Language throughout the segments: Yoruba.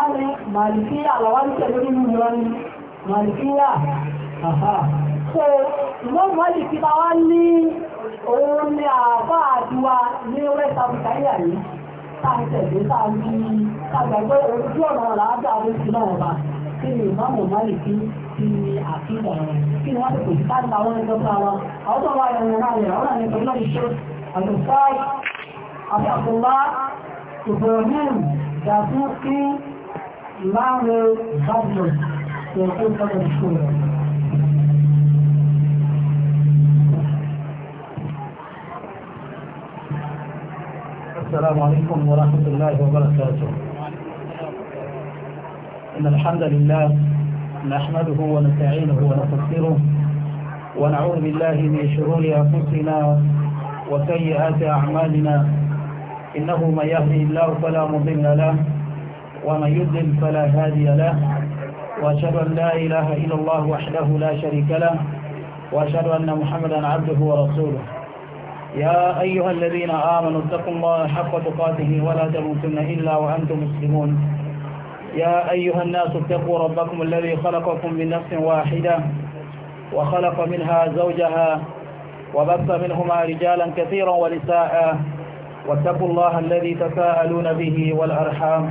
a ní màlìkíyà làwáríkẹ̀ lórí mímú lọ ní màlìkíyà àhá so ìmọ̀ màlìkí ta wá ní òun ní àbá àdúwà ní west africa yà yìí táà tẹ̀lé táà ní tàgbàgbé ojú ọ̀nà làájá àbúkú náà ọba kí ni ìmọ̀ màlìkí ti àfihàn rẹ̀ kí ni wọ́n ti kò sí káàdì àwọn ẹgbẹ́ fún àwọn àwọn tó wà ẹ̀rọ náà rẹ̀ àwọn àmì ìpínlẹ̀ ìṣe àlùfáà àbí àbúlá ìbòmíìn dàbí kí معنى السلام عليكم ورحمة الله وبركاته إن الحمد لله نحمده ونستعينه ونستغفره ونعوذ بالله من شرور أنفسنا وسيئات أعمالنا إنه من يهدي الله فلا مضل له ومن يضلل فلا هادي له وأشهد أن لا إله إلا الله وحده لا شريك له وأشهد أن محمدا عبده ورسوله يا أيها الذين آمنوا اتقوا الله حق تقاته ولا تموتن إلا وأنتم مسلمون يا أيها الناس اتقوا ربكم الذي خلقكم من نفس واحدة وخلق منها زوجها وبث منهما رجالا كثيرا ونساء واتقوا الله الذي تساءلون به والأرحام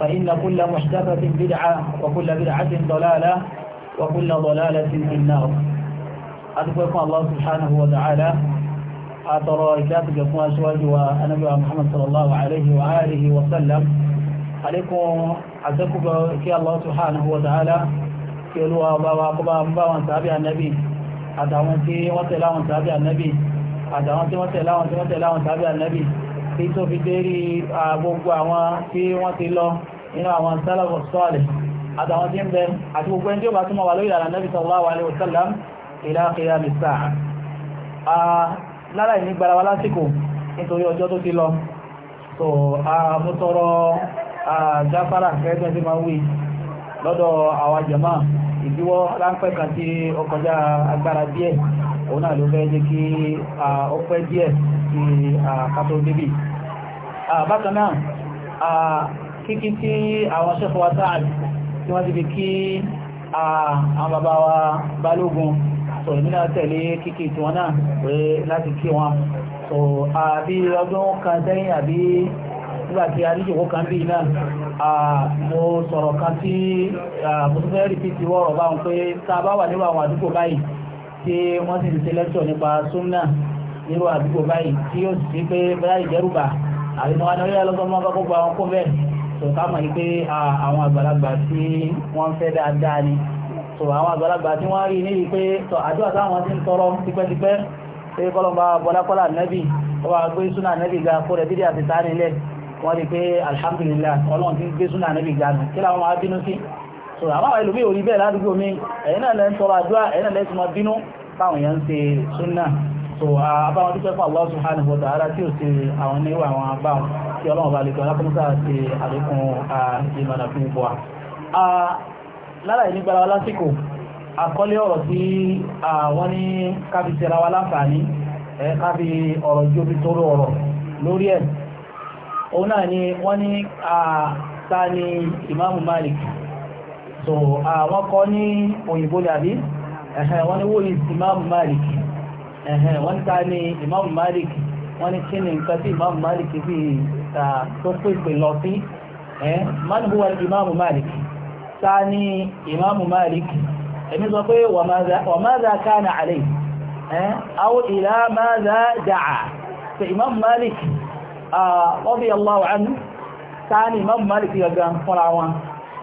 فإن كل محدثة بدعة وكل بدعة ضلالة وكل ضلالة في النار أدفكم الله سبحانه وتعالى أترى إكاتك يكون أسواج ونبي محمد صلى الله عليه وآله وسلم عليكم أتكب كي الله سبحانه وتعالى كي لوا بابا قبا أمبا وانتابع النبي أدعون كي النبي أدعون كي النبي tí tó fi dérí gbogbo àwọn tí wọ́n ti lọ nínú àwọn sálàfù sọ́ọ̀lẹ̀ àtàwọn tí ń bẹ àti gbogbo ẹni tí ó bá túnmọ̀ wà lórí ìlànà Nabi sallallahu alaihi wasallam ila qiyamis sa'a láláì ní gbára wa lásìkò nítorí ọjọ́ so mo tọrọ gáfárà kẹ́gbẹ́ tí máa ń wí lọ́dọ̀ àwọn jàmáà ìdíwọ́ ráńpẹ́ òun náà ló fẹ́ jẹ́ kí a pẹ́ díẹ̀ sí kátó débì bákan náà kíkí tí àwọn ṣẹ́fọ́ wa sáà tí wọ́n ti fi kí àwọn bàbá wa balógun so ìmìnà tẹ̀lé kíkí tí wọ́n náà pé láti kí wọn so àbí ọdún kan sẹ́yìn àbí nígbàtí àríṣòkó kan bí náà mo sọ̀rọ̀ kan tí mo tún fẹ́ rí fi ti wọ́rọ̀ báwọn pé tá a bá wà níwà àwọn àdúgbò báyìí tí wọ́n sì ti ṣe lẹ́tọ̀ nípa súnà nírú àdúgbò báyìí tí yóò sì pé bẹ́ẹ̀ ìjẹ́rùbà àbí wọn ni ó yẹ lọ́sọ́ mọ́ kọ́kọ́ gba àwọn kó bẹ́ẹ̀ tó ká mọ̀ ní pé àwọn àgbàlagbà tí wọ́n fẹ́ dáadáa ni tó àwọn àgbàlagbà tí wọ́n rí níbi pé tó àdúrà táwọn ti ń tọrọ tipẹ́tipẹ́ pé kọ́lọ́mbà bọ́lákọ́lá nẹ́bì ó wà gbé súnà nẹ́bì ga kó rẹ̀ bídí àti tánilẹ̀ wọ́n rí pé alhamdulillah ọlọ́run ti ń gbé súnà nẹ́bì ga nù kí làwọn máa bínú sí so àmáwà ìlú bí orí bẹ́ẹ̀ ládùúgbò mi ẹ̀yìn náà lẹ́ ń tọrọ àdúrà ẹ̀yìn náà lẹ́sùn bínú táwọn èèyàn ń ṣe súnà so àbáwọn tó fẹ́fà Allah subhanahu wa ta'ala tí ó ṣe àwọn ní àwọn àbáwọn tí ọlọ́run bá lè tọ́ alákọ́mọ́sá ṣe àlékún ìmọ̀nà fún ipò wa lára ìní gbára wa lásìkò àkọlé ọ̀rọ̀ tí wọ́n ní kábi ṣera wa láǹfààní kábi ọ̀rọ̀ ni wọ́n ní ta ni Imam Malik so àwọn ah, kọ́ ní òyìnbó dàbí ẹ̀hẹ́ wọ́n ní wó Imam Malik ẹ̀hẹ́ wọ́n ní ta ní Imam Malik wọ́n ní kí ni nǹkan tí Imam Malik fi ta tó pèpè lọ sí ẹ̀ man huwa Imam Malik ta ní Imam Malik ẹ̀mí sọ pé wa madha kana alayhi ẹ̀ aw ila madha da'a pé Imam Malik ah, radiyallahu anhu ta ní Imam Malik gangan fúnra wọn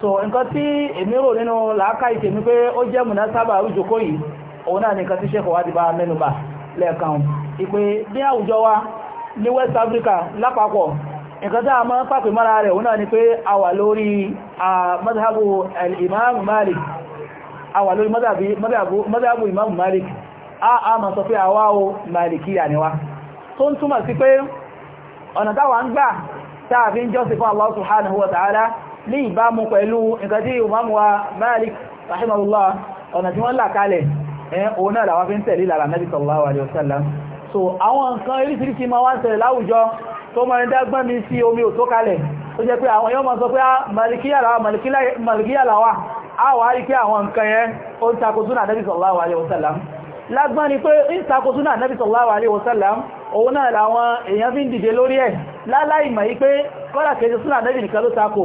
so nkan tí èmi rò nínú làákà ìtèmi pé ó jẹ́ múná sábà rújòkó yìí òun náà ni nǹkan tí sẹ́kọ̀ọ́ wádìí bá mẹ́nubà lẹ́ẹ̀kan ìpè ní àwùjọ wa ní West Africa lápapọ̀ nkan tí a máa ń pàpè mọ́ra rẹ̀ òun náà ni pé a wà lórí Malik a wà lórí madhabu Imam Malik a a máa sọ pé o wa tó ń túmọ̀ sí pé ọ̀nà táwa ń gbà jọ́sìn ní ìbámu pẹ̀lú nǹkan tí ìmáàmù wa Malik rahimahullah ọ̀nà tí wọ́n là kalẹ̀ òun náà làwọn fi ń tẹ̀lé lára Nabi sallallahu alaihi so àwọn nǹkan oríṣiríṣi ma wá ń ṣẹlẹ̀ láwùjọ tó mọ̀ ní dágbọ́n mi sí omi ò tó kalẹ̀ tó jẹ́ pé àwọn yóò mọ̀ sọ pé ah, malikiya làwà a wà rí pé àwọn nǹkan yẹn ó ń takò súnà Nabi sallallahu alaihi wasallam lágbọ́n ni pé ń takò súnà Nabi sallallahu alaihi wasallam òun náà làwọn èèyàn fi ń dìde lórí ẹ̀ láláìmọ̀ yí pé kọ́lá kejì súnà Nabi nìkan ló takò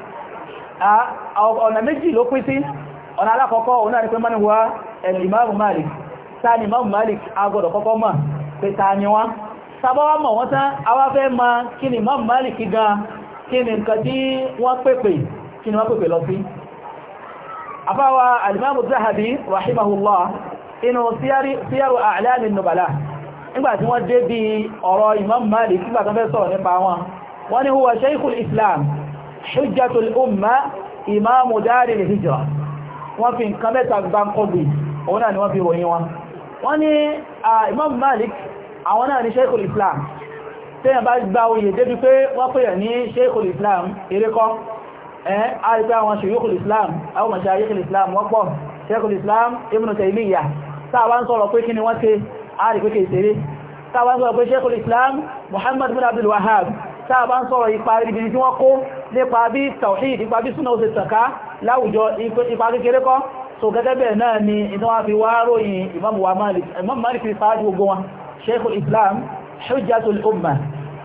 ọ̀nà méjì ló pín sí ọ̀nà alákọ̀ọ́kọ́ òun náà ni pé mọ́ni wá ẹ̀lìmáàmù Malik sáà ni Imam Malik agbọ́dọ̀ kọ́kọ́ mọ̀ pé ta ni wọ́n sábáwá mọ̀ wọ́n tán awá fẹ́ ma kí ni Imam Malik gan kí ni nǹkan tí wọ́n pèpè kí ni wọ́n pèpè lọ sí afáwa alimamu Zahabi rahimahullah hujjatul umma imamu daril hijra wọ́n fi nǹkan mẹ́ta gbáǹkọ́gbì òun náà ni wọ́n fi ròyìn wọn wọ́n ni imam malik àwọn náà ni sheikhul islam tẹ́yàn bá gba oyè débi pé wọ́n pèyàn ní sheikhul islam erékọ́ ẹ́ àrípẹ́ àwọn sheikhul islam àwọn sheikhul islam wọ́pọ̀ sheikhul islam ibn taymiyyah sáwá ń sọ̀rọ̀ pé kí ni wọ́n ṣe àrípẹ́ kèsèrè sáwá ń sọ̀rọ̀ pé sheikhul islam muhammad bin abdul wahhab táà bá ń sọ̀rọ̀ ipa ribiri tí wọ́n kó nípa bí tawhid nípa bí súnà ó ṣe tànká láwùjọ ipa kékeré kọ́ so gẹ́gẹ́ bẹ̀ẹ̀ náà ni iná wá fi wá ròyìn Imam wa Malik Imam Malik fi fàájú gbogbo wọn Sheikhul Islam hujjatul umma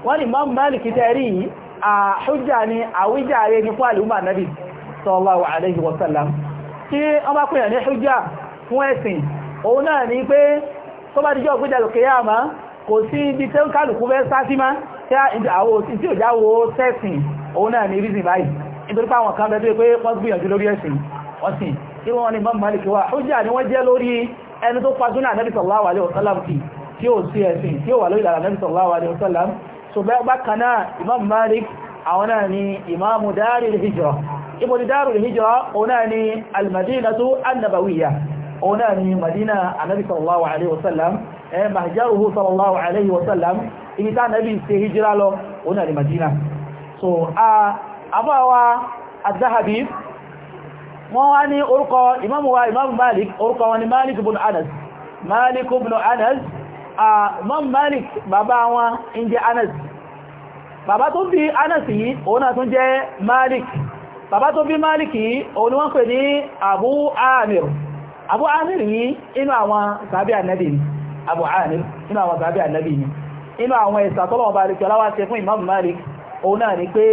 wọ́n ni Imam Malik tẹ́rí a hujja ni àwíjàre ní fún al'umma nabi sallallahu alaihi kò sí ibi tẹ́ ń kálùkú fẹ́ sásí máa tí ó jáwó tẹ́sìn òun náà ní rízìn báyìí nítorí pé àwọn kan bẹ́ẹ̀ pé wọ́n gbìyànjú lórí ẹ̀sìn ọ̀sìn tí wọ́n ní Imam Malik wà ó jà ní wọ́n jẹ́ lórí ẹni tó pa súnà Nabi sallallahu alaihi wasallam tí ó sí ẹ̀sìn tí ó wà lórí ìlànà Nabi sallallahu alaihi wasallam so bákan náà Imam Malik àwọn náà ni Imam Daril Hijra ibo ni Daril Hijra òun náà ni al-Madinatu an-Nabawiyya òun náà ni Madina Nabi sallallahu alaihi sallallahu alaihi wasallam ibi tá nẹ́bí ṣe hijira lọ òun àrí Madina so àbáwa az-Zahabi wọ́n wá ní orúkọ imamu wa imamu Malik orúkọ wọn ni Malik ibn Anas Malik ibn Anas a imam Malik bàbá wọn ń jẹ́ Anas bàbá tó bí Anas yìí òun náà tún jẹ́ Malik bàbá tó bí Malik yìí òun ni wọ́n pè ní Abu Amir Abu Amir yìí inú àwọn sàbí ànẹ́bì ni Abu Amir inú àwọn sàbí ànẹ́bì ni inú àwọn ẹ̀sà tọ́lọ̀ ọba alìkẹ́ ọláwà ṣe fún Imam Malik òun náà ni pé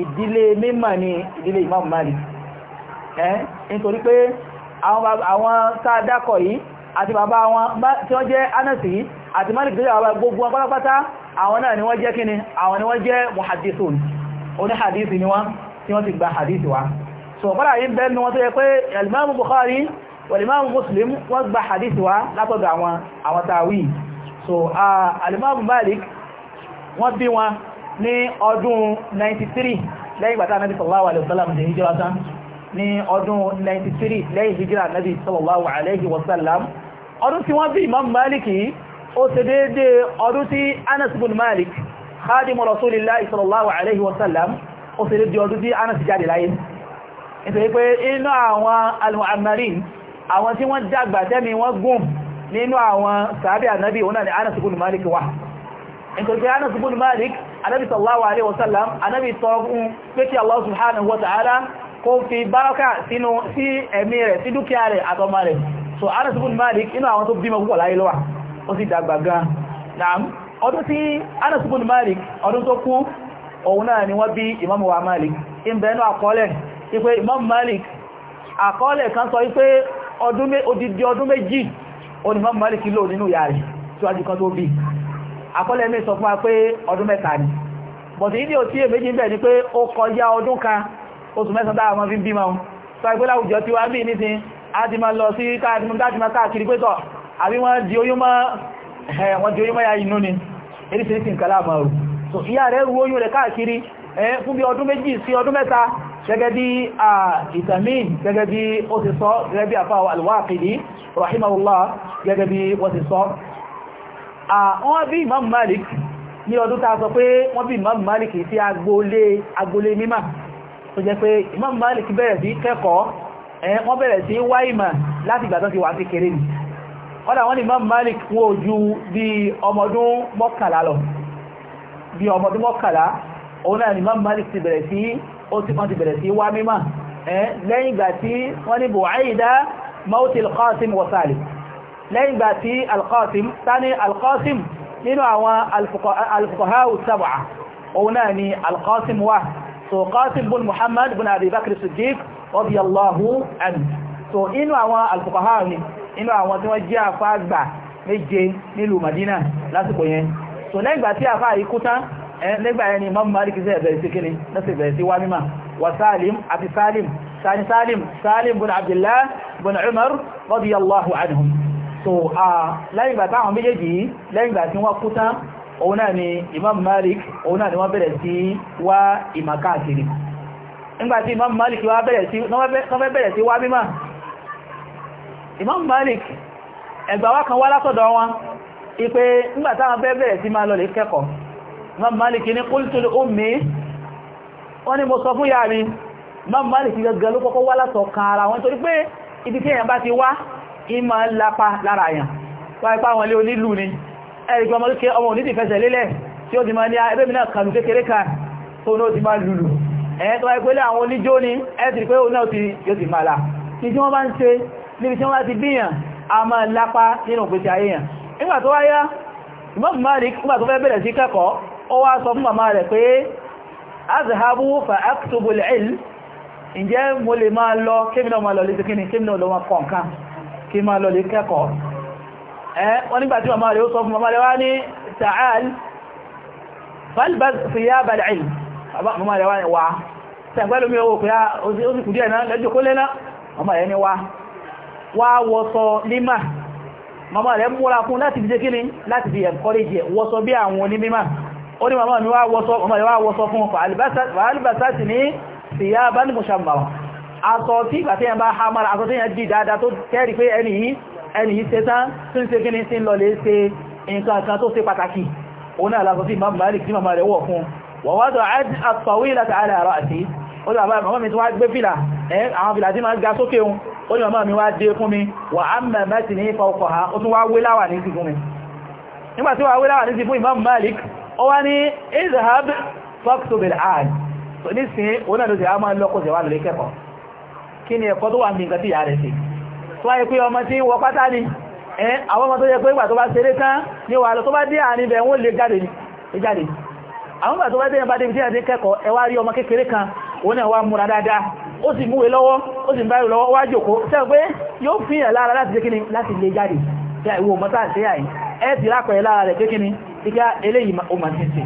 ìdílé mímọ̀ ni ìdílé Imam Malik ẹ́ nítorí pé àwọn sáadákọ̀ yìí àti bàbá wọn tí wọ́n jẹ́ Anasi àti Malik tó jẹ́ gbogbo wọn pátápátá àwọn náà ni wọ́n jẹ́ kíni àwọn ni wọ́n jẹ́ muhadithun oní hadith ni wọ́n tí wọ́n ti gba hadith wa so kọ́lá so uh, alimọ́bù Malik wọ́n bí wọn ní ọdún 93 lẹ́yìn ìgbàtà nabi sallallahu alaihi wasallam ní hijira tán ní ọdún 93 lẹ́yìn hijira nabi sallallahu alaihi wasallam ọdún tí wọ́n bí imam Malik yìí ó ṣe dédé ọdún tí Anas bin Malik khadimu rasulillahi sallallahu alaihi wasallam ó ṣe dédé ọdún tí Anas jáde láyé nínú àwọn sàábí ànábì òun náà ni Anas ibn Malik wà nítorí pé Anas ibn Malik alaihi wasallam ànábì tọrọ fún pé kí Allah subhanahu wa ta'ala kó fi bárọ́kà sínú sí ẹ̀mí rẹ̀ sí dúkìá rẹ̀ so Anas ibn Malik inú àwọn tó bímọ púpọ̀ láyé lọ́wà ó sì dàgbà gan naam ọdún Malik Malik àkọọ́lẹ̀ kan sọ odidi ọdún méjì ó ní mọ́mù málìkì lò nínú ìyá rẹ̀ síwájú kan tó bí àkọlẹ̀ mi sọ fún wa pé ọdún mẹ́ta ni bọ̀tí o òtí èméjì bẹ̀ ni pé ó kọjá ọdún kan oṣù mẹ́sàn dára wọn fi ń bímọ sọ ìpé láwùjọ tí wá ń bí nísìn so ìyá rẹ̀ ru oyún fún bí ọdún méjì sí ọdún mẹ́ta gẹ́gẹ́ bí ìtàmí gẹ́gẹ́ bí ó ti sọ gẹ́gẹ́ bí àfáwà al-Waqidi rahimahullah gẹ́gẹ́ bí wọ́n ti sọ wọ́n bí Imam Malik ní ọdún ta sọ pé wọ́n bí Imam Malik sí agboolé agboolé mímà tó jẹ́ pé Imam Malik bẹ̀rẹ̀ sí kẹ́kọ̀ọ́ wọ́n bẹ̀rẹ̀ sí òun náà ni Imam Malik ti bẹ̀rẹ̀ sí ó ti wọ́n ti bẹ̀rẹ̀ sí wá mímá lẹ́yìn ìgbà tí wọ́n ní Bu'ayda mawti al-Qasim wa Salim lẹ́yìn ìgbà tí al-Qasim tani al-Qasim nínú àwọn al-fuqaha as òun náà ni al-Qasim so Qasim bin Muhammad bin Abi Bakr Siddiq radiyallahu anhu so inú àwọn al ni inú àwọn tí wọ́n jẹ́ àfáàgbà méje nílùú Madina lásìkò yẹn so lẹ́yìn ìgbà tí àfáà yìí kú tán Eh, nígbà ẹni Imam Malik sẹ́ bẹ̀rẹ̀ sí kíni lọ́sẹ̀ bẹ̀rẹ̀ sí wá mímá wa Salim àti Salim sani Salim Salim bin Abdullah bin Umar radiyallahu anhum so lẹ́yìn ìgbà táwọn méjèèjì lẹ́yìn ìgbà tí wọ́n kú tán òun náà ni Imam Malik òun náà ni wọ́n bẹ̀rẹ̀ sí wá ìmà káàkiri nígbàtí Imam Malik wá bẹ̀rẹ̀ sí wá mímá Imam Malik ní qultu li ummi wọ́n ni mo sọ fún yà mi Imam Malik gẹ́gẹ́ ló kọ́kọ́ wá látọ̀ kan ara wọn torí pé ibi tí èyàn bá ti wá ìmọ̀ lápá lára àyàn wáyípá wọn lé onílù ni ẹ̀rìgbọ́ ọmọ lókè ọmọ òní ti fẹsẹ̀ lélẹ̀ tí ó ti máa ní ah, ẹgbẹ́ mi náà kàlù kékeré kan tó náà ti máa lùlù ẹ̀yẹn tó wáyé pẹ́lẹ̀ àwọn oníjó ni ẹ̀ẹ́tì pé ó náà yóò ti máa là ní tí wọ́n bá ń ṣe níbi tí wọ́n bá ti bíyàn a máa lápá nínú òpèsè ayéyàn nígbà tó wáyá Imam Malik nígbà tó fẹ́ bẹ̀rẹ̀ sí kẹ́kọ̀ọ́ ó wá sọ fún màmá rẹ̀ pé azhabu fa aktubu al ǹjẹ́ mo lè máa lọ kémi náà lọ lè ti kíni ma lọ wọn kọ̀ọ̀kan kí máa lọ lè kẹ́kọ̀ọ́ ẹ́ wọ́n nígbà tí màmá rẹ̀ ó sọ fún màmá rẹ̀ wá ní ta'al falbaz thiyab al-ilm màmá rẹ̀ wá ní wá owó ó ní màmá mi wá wọ́sọ fún fàálìbàsáàtì ní síyá bá ní mọ̀ṣàmbàwà aṣọ tí ìgbà tí yẹn bá ha mara aṣọ tí yẹn dì dáadáa tó kẹ́rì pé ẹni yìí ẹni yìí ṣe tán tí ń ṣe gíní sí lọ lè ṣe nǹkan kan tó ṣe pàtàkì òun náà lásọ sí Imam Malik sí màmá rẹ̀ wọ̀ fún wọ́n wá tọ́ àtọ̀wílà tààrà àrọ̀ àti ó ní màmá mi tó wá gbé tí máa ga sókè òun ó fún ọwani wá ní izhab fọ́ktobel ag tó si sí òun náà ló ti a máa lọ́kọ̀ sí wà lórí kẹ́kọ̀ọ́ kí ni ẹ̀kọ́ tó wà ya nǹkan tí ìyá rẹ̀ ọmọ ti wọ pátá ni àwọn ọmọ tó yẹ pé ìgbà tó bá ṣeré tán ní wà lọ tó bá dé àárín bẹ̀ le lè jáde ní jáde àwọn ìgbà tó bá dé ìbá ẹ ọmọ kan òun náà wá múra dáadáa ó sì múwe lọ́wọ́ ó sì ń báyìí lọ́wọ́ wá jòkó sẹ́wọ́n fi tí ìwò mọ́ta ṣe àì ẹ́ ti rápẹ̀ẹ́ lára rẹ̀ kékí ni ìkà eléyìí ọmọ ti ṣe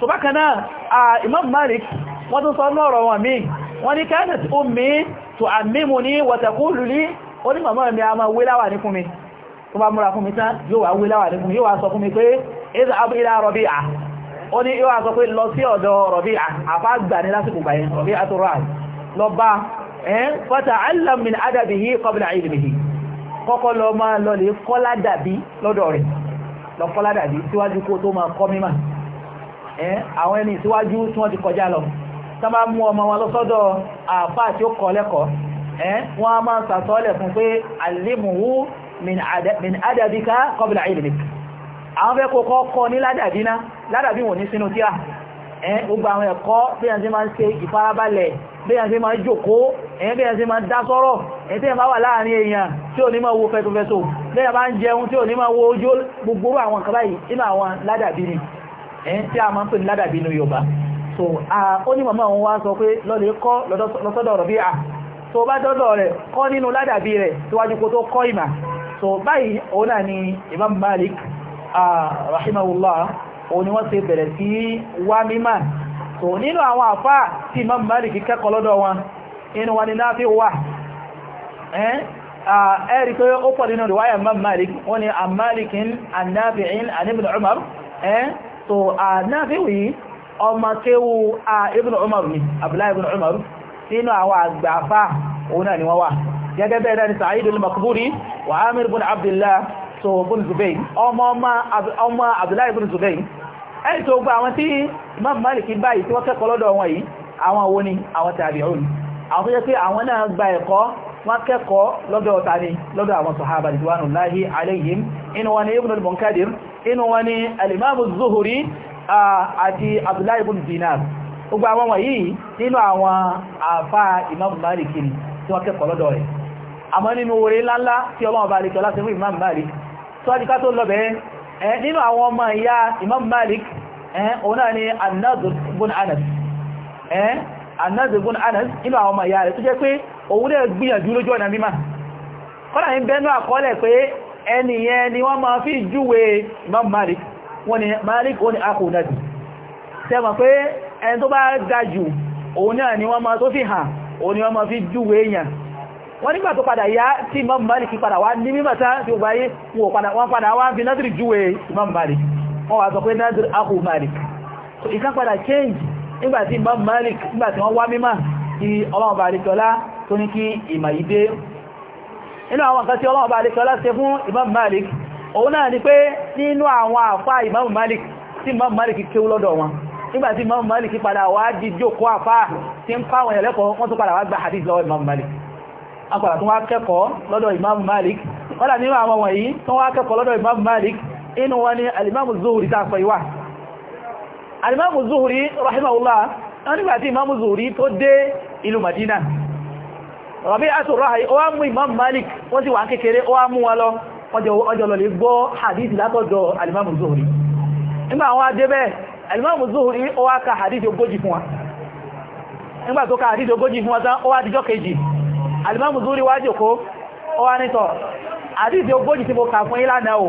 so bákan náà a Imam Malik wọ́n tún sọ lọ́rọ̀ wọn mi wọ́n ní kanat ummi tu'ammimuni wa taqulu li ó ní màmá mi a máa wé láwà ní fún mi tó bá múra fún mi tán yóò wá wé láwà ní fún mi yóò wá sọ fún mi pé izhab ila Rabi'a ó ní yóò wá sọ pé lọ sí ọ̀dọ̀ Rabi'a àfá gbà ní lásìkò gbà yẹn Rabi'a tó rà lọ bá ẹ́ fata'allam min adabihi qabla ilmihi kọ́kọ́ lọ máa lọ lè kọ́lá dàbí lọ́dọ̀ rẹ̀ lọ kọ́lá dàbí síwájú kó tó máa kọ́ mímọ̀ àwọn ẹni síwájú tí wọ́n ti kọjá lọ tá bá mú ọmọ wọn lọ́sọ́dọ̀ àfáà tí ó kọ́ lẹ́kọ̀ọ́ wọ́n a máa sàtọ́lẹ̀ fún pé alimuhu min adabika qabla ilmik àwọn fẹ́ kó kọ́ ní ládàbí ná ládàbí wọ́n ní sínú tíra gbogbo àwọn ẹ̀kọ́ bí bẹ́yà sí máa jòkó ẹ̀yẹn bẹ́yà sí máa dá sọ́rọ̀ ẹ̀yẹn tí ẹ bá wà láàrin èèyàn tí ò ní máa wo fẹ́tofẹ́tò bẹ́yà bá ń jẹun tí ò ní máa wo ojú gbogbo àwọn kan báyìí inú àwọn ládàbí ni ẹ̀yẹn so ó ní màmá wọn wá sọ pé lọ́lẹ̀ kọ́ lọ́sọ́dọ̀ rọ̀ bí a tó bá dọ́dọ̀ rẹ̀ kọ́ nínú ládàbí so báyìí òun náà Malik rahimahullah òun ni wọ́n ṣe so nínú àwọn àfá tí Imam Malik kẹ́kọ̀ọ́ lọ́dọ̀ wọn inú wọn ni náà fi wà ẹ̀rí pé ó pọ̀ nínú riwaya Imam Malik wọ́n ni amalikin annabi'in an ibn Umar so annabi'i ọmọ kéwú ibn Umar ni Abdullah ibn Umar nínú àwọn àgbàfà òun náà ni wọ́n wà gẹ́gẹ́ bẹ́ẹ̀ náà ni Sa'id al-Maqburi ọmọ Abdullah ibn Zubayr ẹni tó gba àwọn tí Imam Malik báyìí tí wọ́n kẹ́kọ̀ọ́ lọ́dọ̀ wọn yìí àwọn wo ni àwọn tabi'un àwọn tó jẹ́ pé àwọn náà gba ẹ̀kọ́ wọ́n kẹ́kọ̀ọ́ lọ́dọ̀ tani lọ́dọ̀ àwọn sahaba ridwanullahi alayhim inú wọn ni Ibn al-Munkadir inú wọn ni al-Imam az-Zuhri àti Abdullah ibn Dinar gbogbo àwọn wọ̀nyí nínú àwọn àfá Imam Malik ni tí wọ́n kẹ́kọ̀ọ́ lọ́dọ̀ tó wájú ká tó lọ nínú àwọn ọmọ ìyá Imam Malik Eh, òun náà ni An-Nadr ibn Anas eh, An-Nadr ibn Anas inú àwọn ọmọ ìyá rẹ̀ tó jẹ́ pé òun náà gbìyànjú lójú ọ̀nà mímá kọ́nà ń bẹ́nu àkọọ́lẹ̀ pé ẹniyẹn ni wọ́n máa fi júwe Imam Malik wọ́n Malik wọ́n ni akùnadì tẹ́mọ̀ pé ẹni tó bá dájú òun náà ni wọ́n máa tó fi nígbà tó padà yá tí Imam Malik padà wá ní mímọ̀ta tí ó báyé wọ́n padà wá fi nádìrí júwe Imam Malik wọ́n wà sọ pé nadir ahu malik so ìkan padà change nígbàtí imam malik nígbàtí wọ́n wá mímá tí ọlọ́ọ̀bà alikọlá tó ní kí ìmà yìí dé inú àwọn kan tí ọlọ́ọ̀bà alikọlá ṣe fún imam malik òun náà ni pé nínú àwọn àfá imam malik tí imam malik kéwú lọ́dọ̀ wọn nígbàtí imam malik padà wá di jókòó àfá tí ń pàwọn ẹ̀lẹ́kọ̀ọ́ wọ́n tó padà wá gba hadith lọ́wọ́ imam malik akọ̀lá tó wá kẹ́kọ̀ọ́ lọ́dọ̀ imam malik wọ́n dà inú wa ni alimamu zuhuri ta sọ iwa alimamu zuhuri rahimahullah wọ́n nígbàtí imamu zuhuri to de ilu madina rabi atu ó wá mu imam malik wọ́n ti wà kékeré ó wá mú wa lọ ọjọ́ lọ lè gbọ́ hadith látọ̀dọ̀ alimamu zuhuri nígbà wọ́n adébẹ̀ alimamu zuhuri ó ka hadith ogójì fún wa nígbà tó ka hadith ogójì fún wa tán owa wá dijọ́ kejì alimamu zuhuri wá owa ó wá nítọ̀ hadith ogójì tí mo kà fún ìlànà o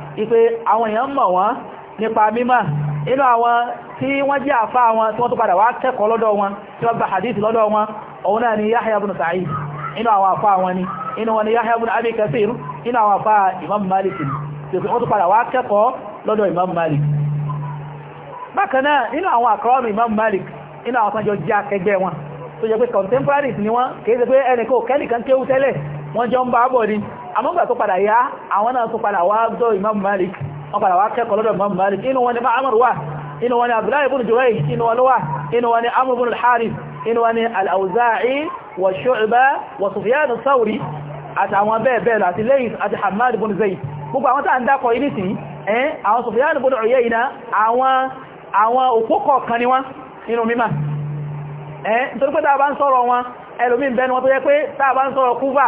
Ife, àwọn èèyàn mọ̀ wọ́n nípa mímọ̀ inú àwọn tí wọ́n jẹ́ àfá wọn tí wọ́n tó padà wá kẹ́kọ̀ọ́ lọ́dọ̀ wọn tí wọ́n hadith lọ́dọ̀ wọn òun náà ni Yahya ibn Sa'id inú àwọn àfá wọn ni inú wọn ni Yahya ibn Abi Kathir inú àwọn àfá Imam Malik ni tí wọ́n tó padà Imam Malik inú àwọn àkọ́ọ̀mù Imam Malik inú àwọn sanjọ jẹ́ akẹgbẹ́ wọn tó pé contemporaries ni wọ́n pé wọ́n jọ ń bá bọ̀ ní àmọ́gbà tó padà yá àwọn náà tó padà wá dọ́ Imam Malik wọ́n padà wá kẹ́kọ̀ọ́ lọ́dọ̀ Imam Malik inú wọn ni Ma'amar wà inú wọn ni Abdullahi ibn Juwayh inú wọn wà inú wọn ni Amr ibn al-Harith inú wọn ni al-Awza'i wa Shu'ba wa Sufyan al-Thawri àtàwọn bẹ́ẹ̀ bẹ́ẹ̀ láti lẹ́yìn àti Hammad ibn Zayd gbogbo àwọn tàà ń dákọ̀ ilé sí àwọn Sufyan ibn Uyayna àwọn òpókọ̀ kan ni wọ́n nínú mímá ẹ́n torípé tàà bá ń sọ̀rọ̀ wọn ẹlòmí bẹnu wọn tó yẹ pé tàà bá ń sọ̀rọ̀ Kúfà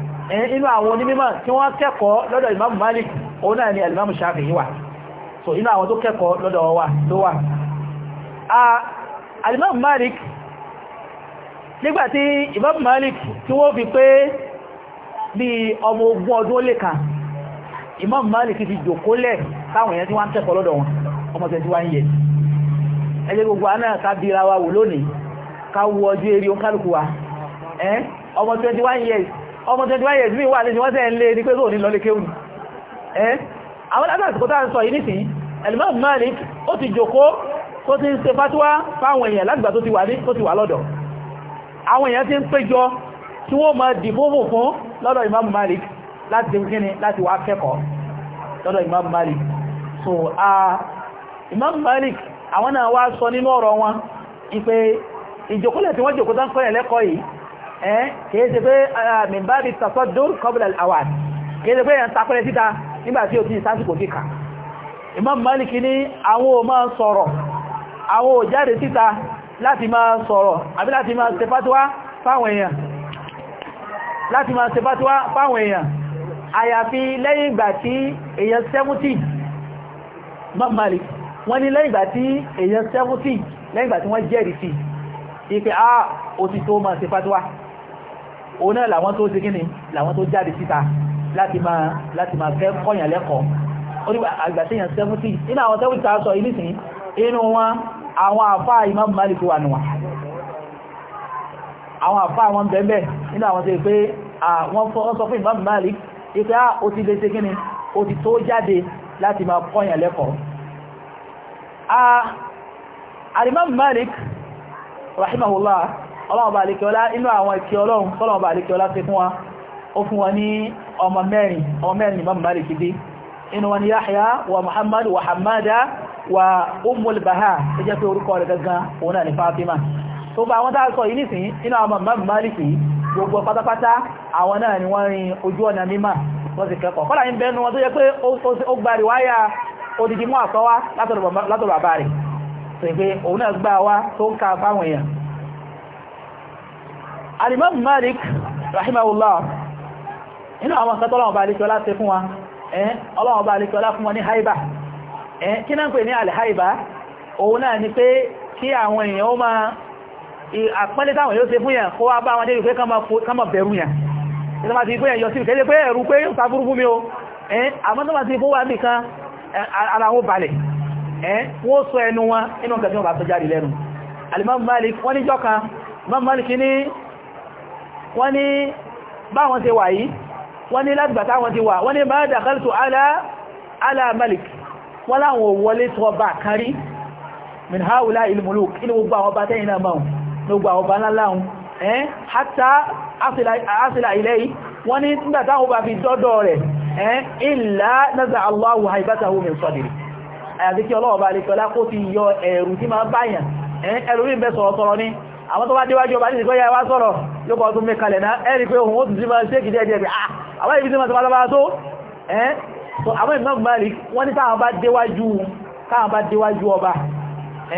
inú àwọn onímọ̀ tí wọ́n kẹ́kọ̀ọ́ lọ́dọ̀ Imam Malik òun náà ni Imam Shafi'i wà so inú àwọn tó kẹ́kọ̀ọ́ lọ́dọ̀ wa ló wà Imam Malik nígbàtí Imam Malik tí wọ́n fi pé bí ọmọ ogun ọdún ó lè kàn Imam Malik ti jòkólẹ̀ táwọn èèyàn tí wọ́n kẹ́kọ̀ọ́ lọ́dọ̀ wọn ọmọ tẹ́ tí wọ́n yẹ ẹjẹ́ gbogbo aná kábíra wa wò lónìí ká wọ ọjọ́ eré oúnkálùkù wa ọmọ 21 years ọmọ 25 years mi wà lè ní wọ́n tẹ́ ń lé ní pé tó ní lọlé kéwù ẹ́ àwọn látàkùkọ́ tàà ń sọ yìí nìsí Imam Malik ó ti jòkó tó ti ń ṣe fatuwa fáwọn èèyàn látìgbà tó ti wà lọ́dọ̀ àwọn èèyàn ti ń péjọ tí wọ́n máa dìbòbò fún lọ́dọ̀ Imam Malik láti dìbò kíni láti wá kẹ́kọ̀ọ́ lọ́dọ̀ Imam Malik so uh, Imam Malik àwọn náà wá sọ nínú ọ̀rọ̀ wọn ìpé ìjòkólẹ̀ tí wọ́n jòkó tán kọ́yẹ̀ lẹ́kọ̀ọ́ yìí kìí ṣe pé mìbábi tàṣọ́dún kọ́bùlà àwọn kìí ṣe pé yàn takọ́lẹ̀ síta nígbàtí o ti sásìkò kíkà Imam Malik ní àwọn ò máa sọ̀rọ̀ àwọn ò jáde síta láti máa sọ̀rọ̀ àbí láti máa ṣe fàtíwá fáwọn èèyàn láti máa ṣe fàtíwá fáwọn èèyàn àyàfi lẹ́yìn ìgbà tí èèyàn 70 Imam Malik wọ́n ní lẹ́yìn ìgbà tí èèyàn 70 lẹ́yìn ìgbà ah, ṣe fàtíwá òun náà làwọn tó ṣe kí ni làwọn tó jáde síta láti máa láti máa fẹ́ kọ́yàn lẹ́kọ̀ọ́ ó nígbà àgbàṣẹ́yàn 70 nínú àwọn 70 ta sọ ìlísìn inú wọn àwọn àfáà Imam Malik wà nùwà àwọn àfáà wọn bẹ̀ẹ̀bẹ̀ nínú àwọn tó pé wọ́n sọ fún Imam Malik ipé á o ti lè ṣe kíni o ti tó jáde láti máa kọ́yàn lẹ́kọ̀ọ́ Al-Imam Malik rahimahullah ọlọ́run bá lékẹ́ ọlá inú àwọn ìkẹ́ ọlọ́run tọ́lọ́run bá lékẹ́ ọlá sí fún wa ó fún wọn ní ọmọ mẹ́rin ọmọ mẹ́rin Imam Malik dé inú wọn ni Yahya wa Muhammad wa Hamada wa Ummul Baha tó jẹ́ pé orúkọ rẹ̀ gangan òun náà ni Fatima tó bá wọn dáàsọ yìí nìsín inú àwọn Imam Malik gbogbo ni wọ́n rin ojú ọ̀nà mímà wọ́n sì kẹ́kọ̀ọ́ kọ́lá ń bẹnu wọn tó jẹ́ pé ó gbàrí wáyà odidi mú àsọ́wá látọ̀rọ̀ bàbá rẹ̀ tó tó ń ka fáwọn èèyàn alimam malik rahimahullah inú àwọn kan tọ́lọ́wọ́ bá alékọ́lá ṣe fún wa ẹn ọlọ́wọ́ bá alékọ́lá fún wọn ní haiba ẹn kí náà ń pè ní alhaiba òun náà ni pé kí àwọn èèyàn ó máa àpọ́lé táwọn yóò ṣe fún yàn kó wá bá wọn dérí pé kánmà bẹ̀rù yàn ìtọ́ ma ti pé ẹ̀yọ sí ìkẹ́lẹ́ pé ẹ̀rù pé ó sàbúrú fún mi o ẹn àmọ́ tó ma ti fún wa nìkan ara wọn balẹ̀ ẹn wọ́n sọ ẹnu wọn inú kẹsí wọn bá tó lẹ́nu alimam malik wọ́n níjọ́ kan mam malik ní wọ́n ní báwọn ṣe wà yìí wọ́n ní láti bàtà wọn ti wà wọ́n ní máa dàkàlùtù alamalik wọ́n láwọn wọlé tọba kárí min haula ilmuluk inú gbogbo àwọn bá tẹ́yìn náà báhùn ní gbogbo àwọn bá láláhùn ẹ́n hátà asìlà ilẹ̀ yìí wọ́n ní nígbàtà wọ́n bá fi dọ́dọ̀ rẹ̀ ẹ́n ìlà náza allahu haibatahu min sọ́dìrì àyàzíkí ọlọ́ọ̀bá alẹ́kọ́lá kó ti yọ ẹ̀rù tí máa báyàn ẹ̀rù rí bẹ́ sọ̀rọ̀sọ̀rọ̀ ní àwọn tó bá déwájú ọba nígbẹ́ ya wá sọ̀rọ̀ ló bọ́ tún mẹ́kalẹ̀ náà ẹni pé ohun ó tún sí máa ṣe kìí jẹ́ àwọn ibi tí ma tọ́bá tọ́bá tó so àwọn Imam Malik wọ́n ní táwọn bá déwájú ọba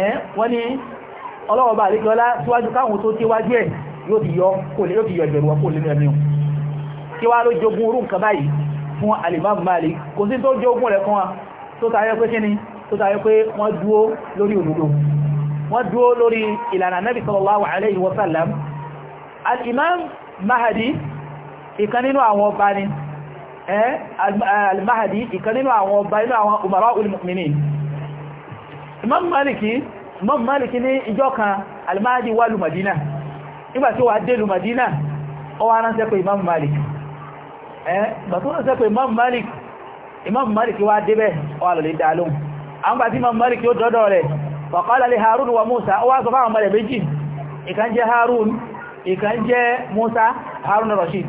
ẹ́n wọ́n ní ọlọ́ọ̀bá àríkọ́lá síwájú káwọn tó tíwájú ẹ̀ yóò ti yọ ìbẹ̀rù wọn kò lè mẹ́rin kí wá ló jogún orú nǹkan báyìí fún Al-Imam Malik kò sí tó jogún rẹ̀ kan tó tayọ pé kíni tó tayọ wọ́n dúó lórí ìlànà nabi sallallahu alaihi wasallam al-imam mahadi ìkan nínú àwọn ọba ni al-mahadi ìkan nínú àwọn ọba inú àwọn umara ul-mu'minin imam maliki imam maliki ní ìjọ kan al-mahadi wà lù madina nígbà tí ó wà dé lù madina ó wá ránṣẹ́ pé imam malik ẹ́ gbà tó ránṣẹ́ pé imam malik imam débẹ̀ ó lọ wàkọ́lá lè harun wa musa ó wá sọ fáwọn mọ̀lẹ̀ méjì ìkan jẹ́ harun ìkan jẹ́ musa harun rashid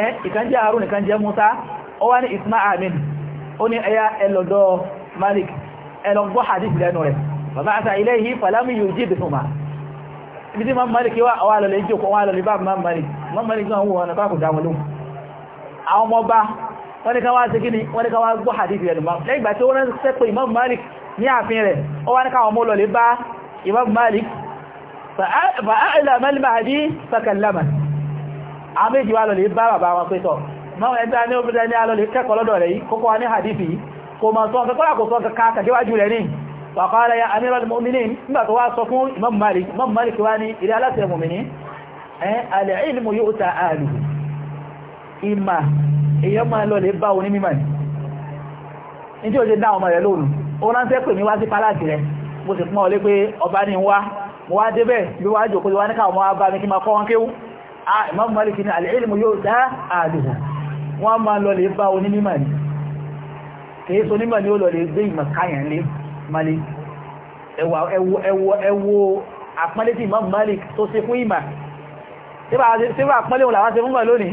eh ìkan jẹ́ harun ìkan jẹ́ musa ó wá ní isma amin ó ní ẹya ẹlọ́dọ́ malik ẹlọ́gbọ́ hadith lẹ́nu rẹ̀ bàbá àta ilé yìí falami yóò jí bìtùmá ibi tí mam malik wá wà lọlẹ̀ ìjọ kan wà lọlẹ̀ bá mam malik mam malik náà wọ́n ká kò dámọ́lú àwọn ọmọ bá wọ́n ni ká wá sí kí ni wọ́n ni ká wá gbọ́ hadith lẹ́nu lẹ́gbàá tí ó rán sẹ́pẹ̀ imam malik ní ààfin rẹ̀ ó wá ní káwọn mọ́ lọlẹ̀ bá Imam Malik fa'a'lam al-Mahdi fakallama àwọn méjì wá lọlẹ̀ bá bàbá wọn pẹ́tọ̀ máwọn ẹgbẹ́ ní obìnrin ní alọ́lẹ̀ kẹ́kọ̀ọ́ lọ́dọ̀ rẹ̀ kókó wá ní hadithi kò mọ̀ sọ́nkẹ́ kọ́lá kò sọ́nkẹ́ káàkàdéwájú rẹ̀ ní wàkọ́lá ya amiral mu'minin nígbà tó wá sọ fún Imam Malik Imam Malik wá ní ilé ní tí ó ṣe dá ọmọ rẹ̀ lónìí ó ránṣẹ́ pè mí wá sí pálásì rẹ̀ mo sì pọ́n ọlé pé ọba ni wá mo wá débẹ̀ bí wá jòkó wá ní káwọn ọmọ abá mi kí máa kọ́ wọn kéwú Imam Malik ní al-ilmu yu'ta ahluhu wọ́n máa lọ lè bá onímọ̀ ni kìí so nímọ̀ ni ó lọ lè gbé ìmọ̀ káyàn lé Malik ẹwọ àpọ́nlé tí Imam Malik tó ṣe fún ìmọ̀ tí bá àpọ́nlé òun làwọn ṣe fún mọ̀ lónìí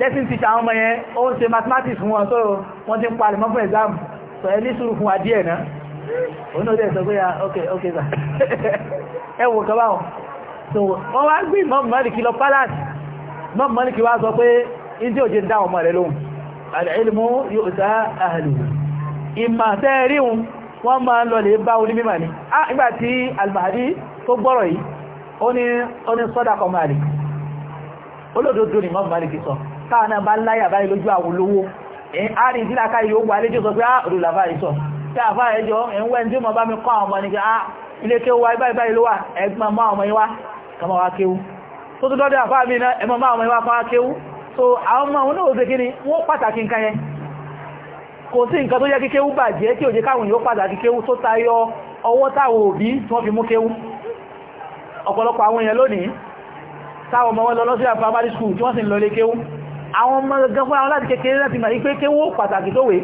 lesson teacher àwọn ọmọ yẹn ó ń ṣe mathematics fún wọn sọ́rọ̀ wọ́n ti ń palẹ̀ mọ́ fún exam sọ ẹ ní sùúrù fún wa díẹ̀ náà òun náà sọ pé ah, ok ok sir ẹ wò so wọ́n wá gbé mọ́mù mọ́lìkì lọ palace mọ́mù mọ́lìkì wá sọ pé ní ah, nígbàtí al-Mahdi tó gbọ́rọ̀ yìí ó sọ táwọn náà bá láyà báyìí lójú àwọn olówó àrí ìdílàkà yóò wà léjò sọ pé á ah, òdòlàfà ìsọ̀ tí àfà ẹjọ́ ẹ̀wẹ́ tí ó mọ̀ bá mi kọ́ àwọn ọmọ ní pé á ah, ilé kéwú wa ibáyìí báyìí ló wà ẹgbọ́n máa ọmọ yíwá kọmọ wa kéwú tó tó dọ́dọ̀ àfà mi náà ẹmọ máa ọmọ yíwá kọ́ wa kéwú so àwọn ọmọ òun náà ó kí ni wọ́n pàtàkì nǹkan yẹn kò sí nǹkan tó yẹ kí kéwú bàjẹ́ tí ò jẹ́ káwọn yóò pàtàkì kéwú tó tayọ ọwọ́ táwọn òbí tí wọ́n fi mú kéwú ọ̀pọ̀lọpọ̀ àwọn èèyàn lónìí táwọn ọmọ lọ lọ sí àfà primary school tí wọ́n sì lọ lé kéwú àwọn ọmọ gangan fún àwọn láti kékeré láti máa ipé kéwó pàtàkì tó wé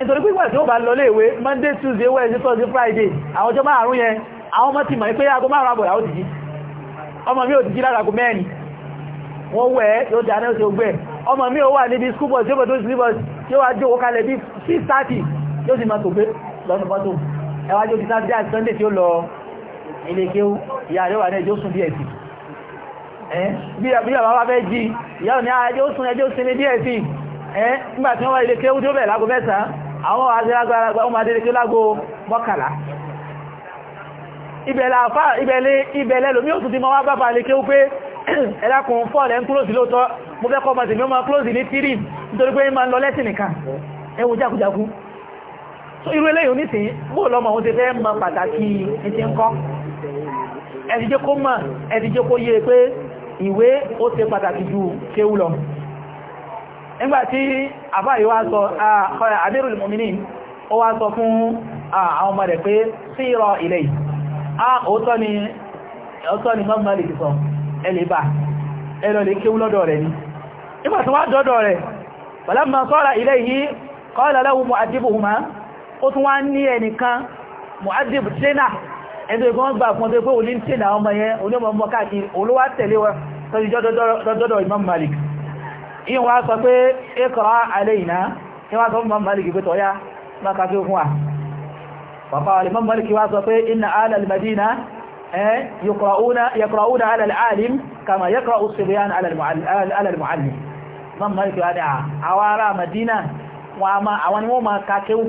nítorí pípọ̀ tí ó bá lọ léèwé monday tuesday wednesday thursday friday àwọn ọjọ́ márùn-ún yẹn àwọn ọmọ ti máa ipé aago márùn-ún àbọ̀ láwọ́ ti jí ọmọ mi ò ti jí lára kò mẹ́rin wọ́n wẹ̀ yóò dáná ó ti gbẹ̀ Eh, bí àbá bá fẹ́ jí ìyá òní ah, ẹjọ́ sún ẹjọ́ sinmi díẹ̀ sí ẹ́ eh, nígbàtí wọ́n wá ilé kéwú tí ó bẹ̀ lágo mẹ́sàn àwọn àdílágbàragbà wọ́n máa délé kéwú lágo mọ́kànlá ibẹ̀lẹ̀ lómi òtún ti máa wá bàbá ilé kéwú pé ẹlákùn fọ́ọ̀lẹ̀ ń kúrò sí lóòtọ́ mo fẹ́ kọ́ màtí mi ó máa kúrò sí ní tírì nítorí pé ma ń lọ lẹ́sìn nìkan ẹwọ jákújákú so irú eléyìí onísìn bóò lọ́mọ òun ti fẹ́ mọ pàtàkì ẹ̀sìn kọ́ ẹ̀sìn jẹ́ kó mọ̀ ẹ̀sìn jẹ́ kó yé e pé ìwé ó ṣe pàtàkì ju kéwú lọ nígbàtí àfáàrí wá sọ àbírùl mọ̀mìnì ó wá sọ fún àwọn ọmọ rẹ̀ pé síra ilẹ̀ ọ̀tọ́ ni mọ́mọ̀lì sọ ẹlẹ́bà ẹlọ́lẹ́ kéwú lọ́dọ̀ rẹ̀ ni nígbàtí wá dọ́dọ̀ rẹ̀ pẹ̀lẹ́mà sọ́ra ilẹ̀ yìí kọ́ ẹni tó gbọ́n gbà fún ọdún pé òní ń tè náà ọmọ yẹn onímọ̀ ọmọ káàkiri olówá tẹ̀lé wọn tọ́jú dọ́dọ̀ Imam Malik ìyẹn wá sọ pé ẹkọ̀ọ́ alẹ́ ìná ìyẹn wá sọ fún Imam Malik pé tọ́yá máa kàkí fún wa bàbá wa Imam Malik wá sọ pé inna ala al-Madina yaqra'una ala al wọ́n máa kàkí fún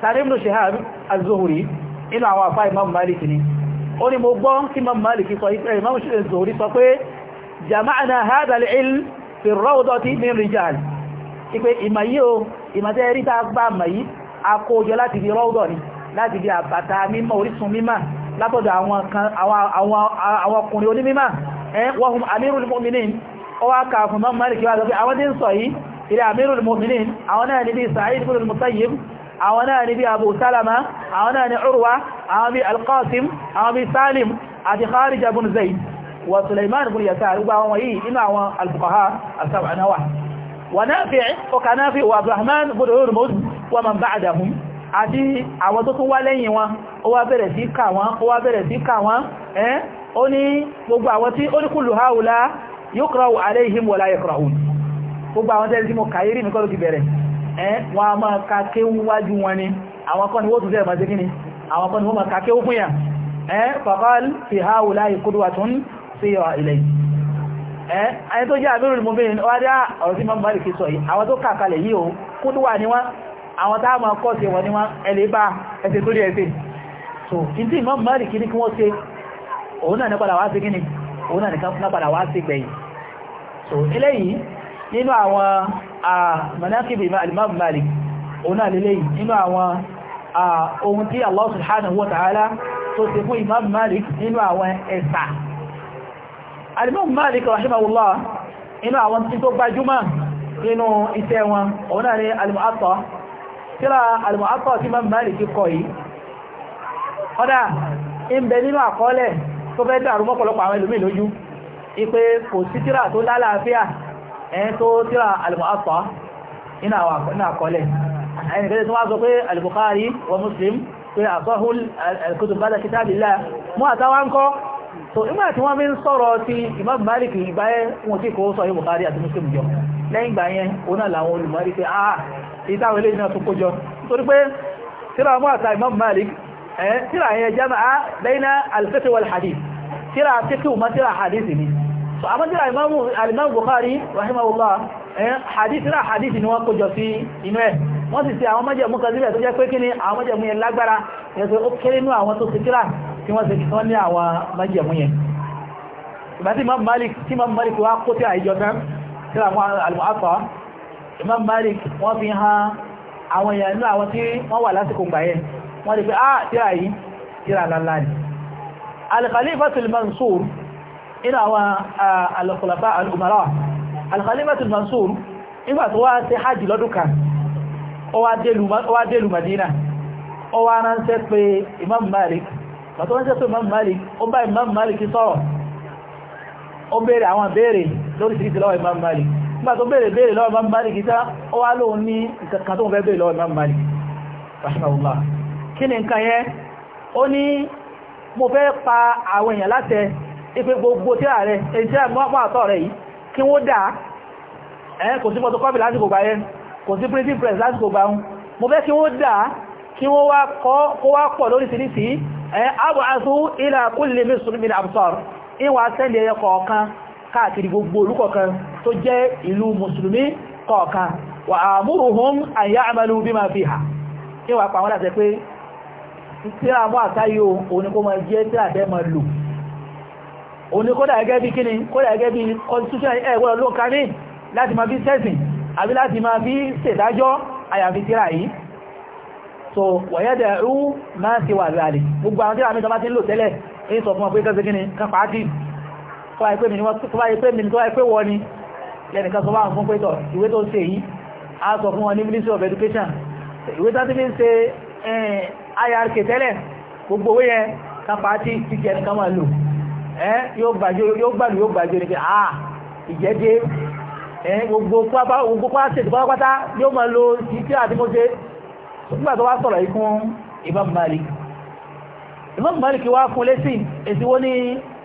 sáré ibn shahab az-zuhri inú àwọn àfá imam malik ni ó ní mo gbọ́n kí imam malik sọ ìpẹ́ imam az-zuhri sọ pé jama'ana hadha al-ilm fi rawdati min rijal ipe ìmọ̀ yìí o ìmọ̀ tẹ́ rí tàà bá mọ̀ yìí akójọ láti bí rawda ni láti bí àbàtà mímọ̀ orísun mímọ̀ látọ̀dọ̀ àwọn ọkùnrin onímímọ̀ wa hum amirul mu'minin ọwá kàfùn imam malik wá sọ pé àwọn tí ń sọ yìí ilẹ̀ amirul mu'minin àwọn náà ní bí sa'id ibn al àwọn náà ni bí abu salama àwọn náà ni urwa àwọn bí alqasim àwọn bí salim àti kharija bin zaid wa suleiman bin yasar gba àwọn yìí inú àwọn alfuqaha asabanawa wa nafi ọka nafi wa abdurrahman bin urmud wa man ba'dahum àti àwọn tó tún wá lẹ́yìn wọn ó wá bẹ̀rẹ̀ sí kà wọn ó wá bẹ̀rẹ̀ sí kà wọn ẹ́ ó ní gbogbo àwọn tí ó ní kullu haula yuqra'u alayhim wa la yaqra'un gbogbo àwọn tẹ́lẹ̀ tí mo kàírí mi kọ́ ti bẹ̀rẹ̀ ẹ́ wọ́n a máa ka kéwú wájú wọn ni àwọn kan ni wọ́n tún sẹ́ẹ̀mọ́ sí kíni àwọn kan ni wọ́n máa ka kéwú fún yà ẹ́ fàkọ́l fi ha wù láì kúrò wà tún sí ọ ilẹ̀ ẹ́ ẹni tó jẹ́ àbúrò mọ́bìnrin so kí tí Imam Malik ní kí wọ́n ṣe òun náà ní padà so eléyìí nínú àwọn manaqib al-imam Malik òun àlélẹ́ nínú àwọn ohun tí Allah subhanahu wa ta'ala tó ṣe fún imam Malik nínú àwọn ẹ̀sà al-imam Malik rahimahullah inú àwọn tí tó gbajúmọ̀ nínú iṣẹ́ wọn òun náà ni al-Mu'atta tíra al-Mu'atta tí imam Malik kọ yìí kọ́dá ń ẹni tó tíra alìmọ̀áfà iná àkọọ́lẹ̀ ẹni kẹ́lẹ̀ tó wá sọ pé al-Bukhari wa Muslim pé àtọ́hùn al-kutub ba'da kitabillah mú àtàwà ń kọ́ so ìgbà tí wọ́n fi ń sọ̀rọ̀ ti Imam Malik ìgbáyé wọn tí kò sọ yí Bukhari àti Muslim jọ lẹ́yìn ìgbà yẹn oná làwọn olùmọ́rí pé àà ìtàwọn ilé ìrìnà so àmọ́díra alimamu Bukhari rahimahullah ẹ̀yẹn hadithi náà hadithi ni wọ́n kójọ sí inú ẹ̀ wọ́n sì sí àwọn májẹ̀mú kan sílẹ̀ tó jẹ́ pé kí ni àwọn májẹ̀mú yẹn lágbára ẹ̀sẹ̀ ó kéré ní àwọn tó sì kíra tí wọ́n sì kí wọ́n ní àwọn májẹ̀mú yẹn ìgbà tí Imam Malik tí Imam Malik wá kó tí àìjọ tán tí àwọn alùmọ́kọ̀ Imam Malik wọ́n fi hàn àwọn èèyàn inú àwọn tí wọ́n wà lásìkò gbà yẹn wọ́n lè pé ah tíra yìí tíra lálá ni Al-Khalifatul Mansur inú àwọn alọ́kọ̀lọ́pá alùmọ̀lá alkhalifatul mansur nígbà tó wá ṣe hajj lọ́dún kan délù madina ó wá ránṣẹ́ pé imam malik bàtọ́ ránṣẹ́ pé imam malik ó bá imam malik sọ̀rọ̀ ó béèrè àwọn béèrè lórí síríkì lọ́wọ́ imam malik nígbà tó béèrè béèrè lọ́wọ́ imam malik ìta ó wá lóun ní ìkàkà tó fẹ́ ipe gbogbo tí ààrẹ èyí tí àmọ́ àtọ́ rẹ̀ yìí kí wọ́n dà ẹ́ kò sí photocopy lásìkò gbà yẹn kò sí printing press lásìkò gbà ń mo fẹ́ kí wọ́n dà kí wọ́n wá kó wá pọ̀ lórí sírísì ẹ́ àbọ̀ àṣú ilà kúlè mẹ́sùlùmí absar ìwà sẹ́ndì ẹyẹ kọ̀ọ̀kan káàkiri gbogbo olúkọ̀ọ̀kan tó jẹ́ ìlú mùsùlùmí kọ̀ọ̀kan wà àmúrùhún àyà àmàlù bí máa fi hà ìwà pàwọn láti pé tí a mọ́ òní kódà gẹ́gẹ́ bí kíni kódà gẹ́gẹ́ bí constitution ẹgbọ́n ló kàmí láti ma fi sẹ́sìn àbí láti ma fi ṣèdájọ́ àyàfi tíra yìí so wọ̀yẹ́dẹ̀ rú máa ti wà rẹ̀ gbogbo àwọn tíra mi tọ́ bá ti ń lò tẹ́lẹ̀ ni lẹ́nìkan sọ báwọn fún pé tọ̀ ìwé tó ṣe yìí a sọ fún wọn ní ministry of education ìwé tó ti fi ń ṣe IRK tẹ́lẹ̀ gbogbo owó yẹn kan pàátì títí ẹnìkan máa lò yóò gbàjó yóò gbàlù yóò gbàjó ní pé à ìjẹ́dé gbogbo pápá ṣètò pátápátá yóò máa lo títí àti mo ṣe nígbà tó wá sọ̀rọ̀ yìí fún Imam Malik Imam Malik wá fún lẹ́sì èsì ní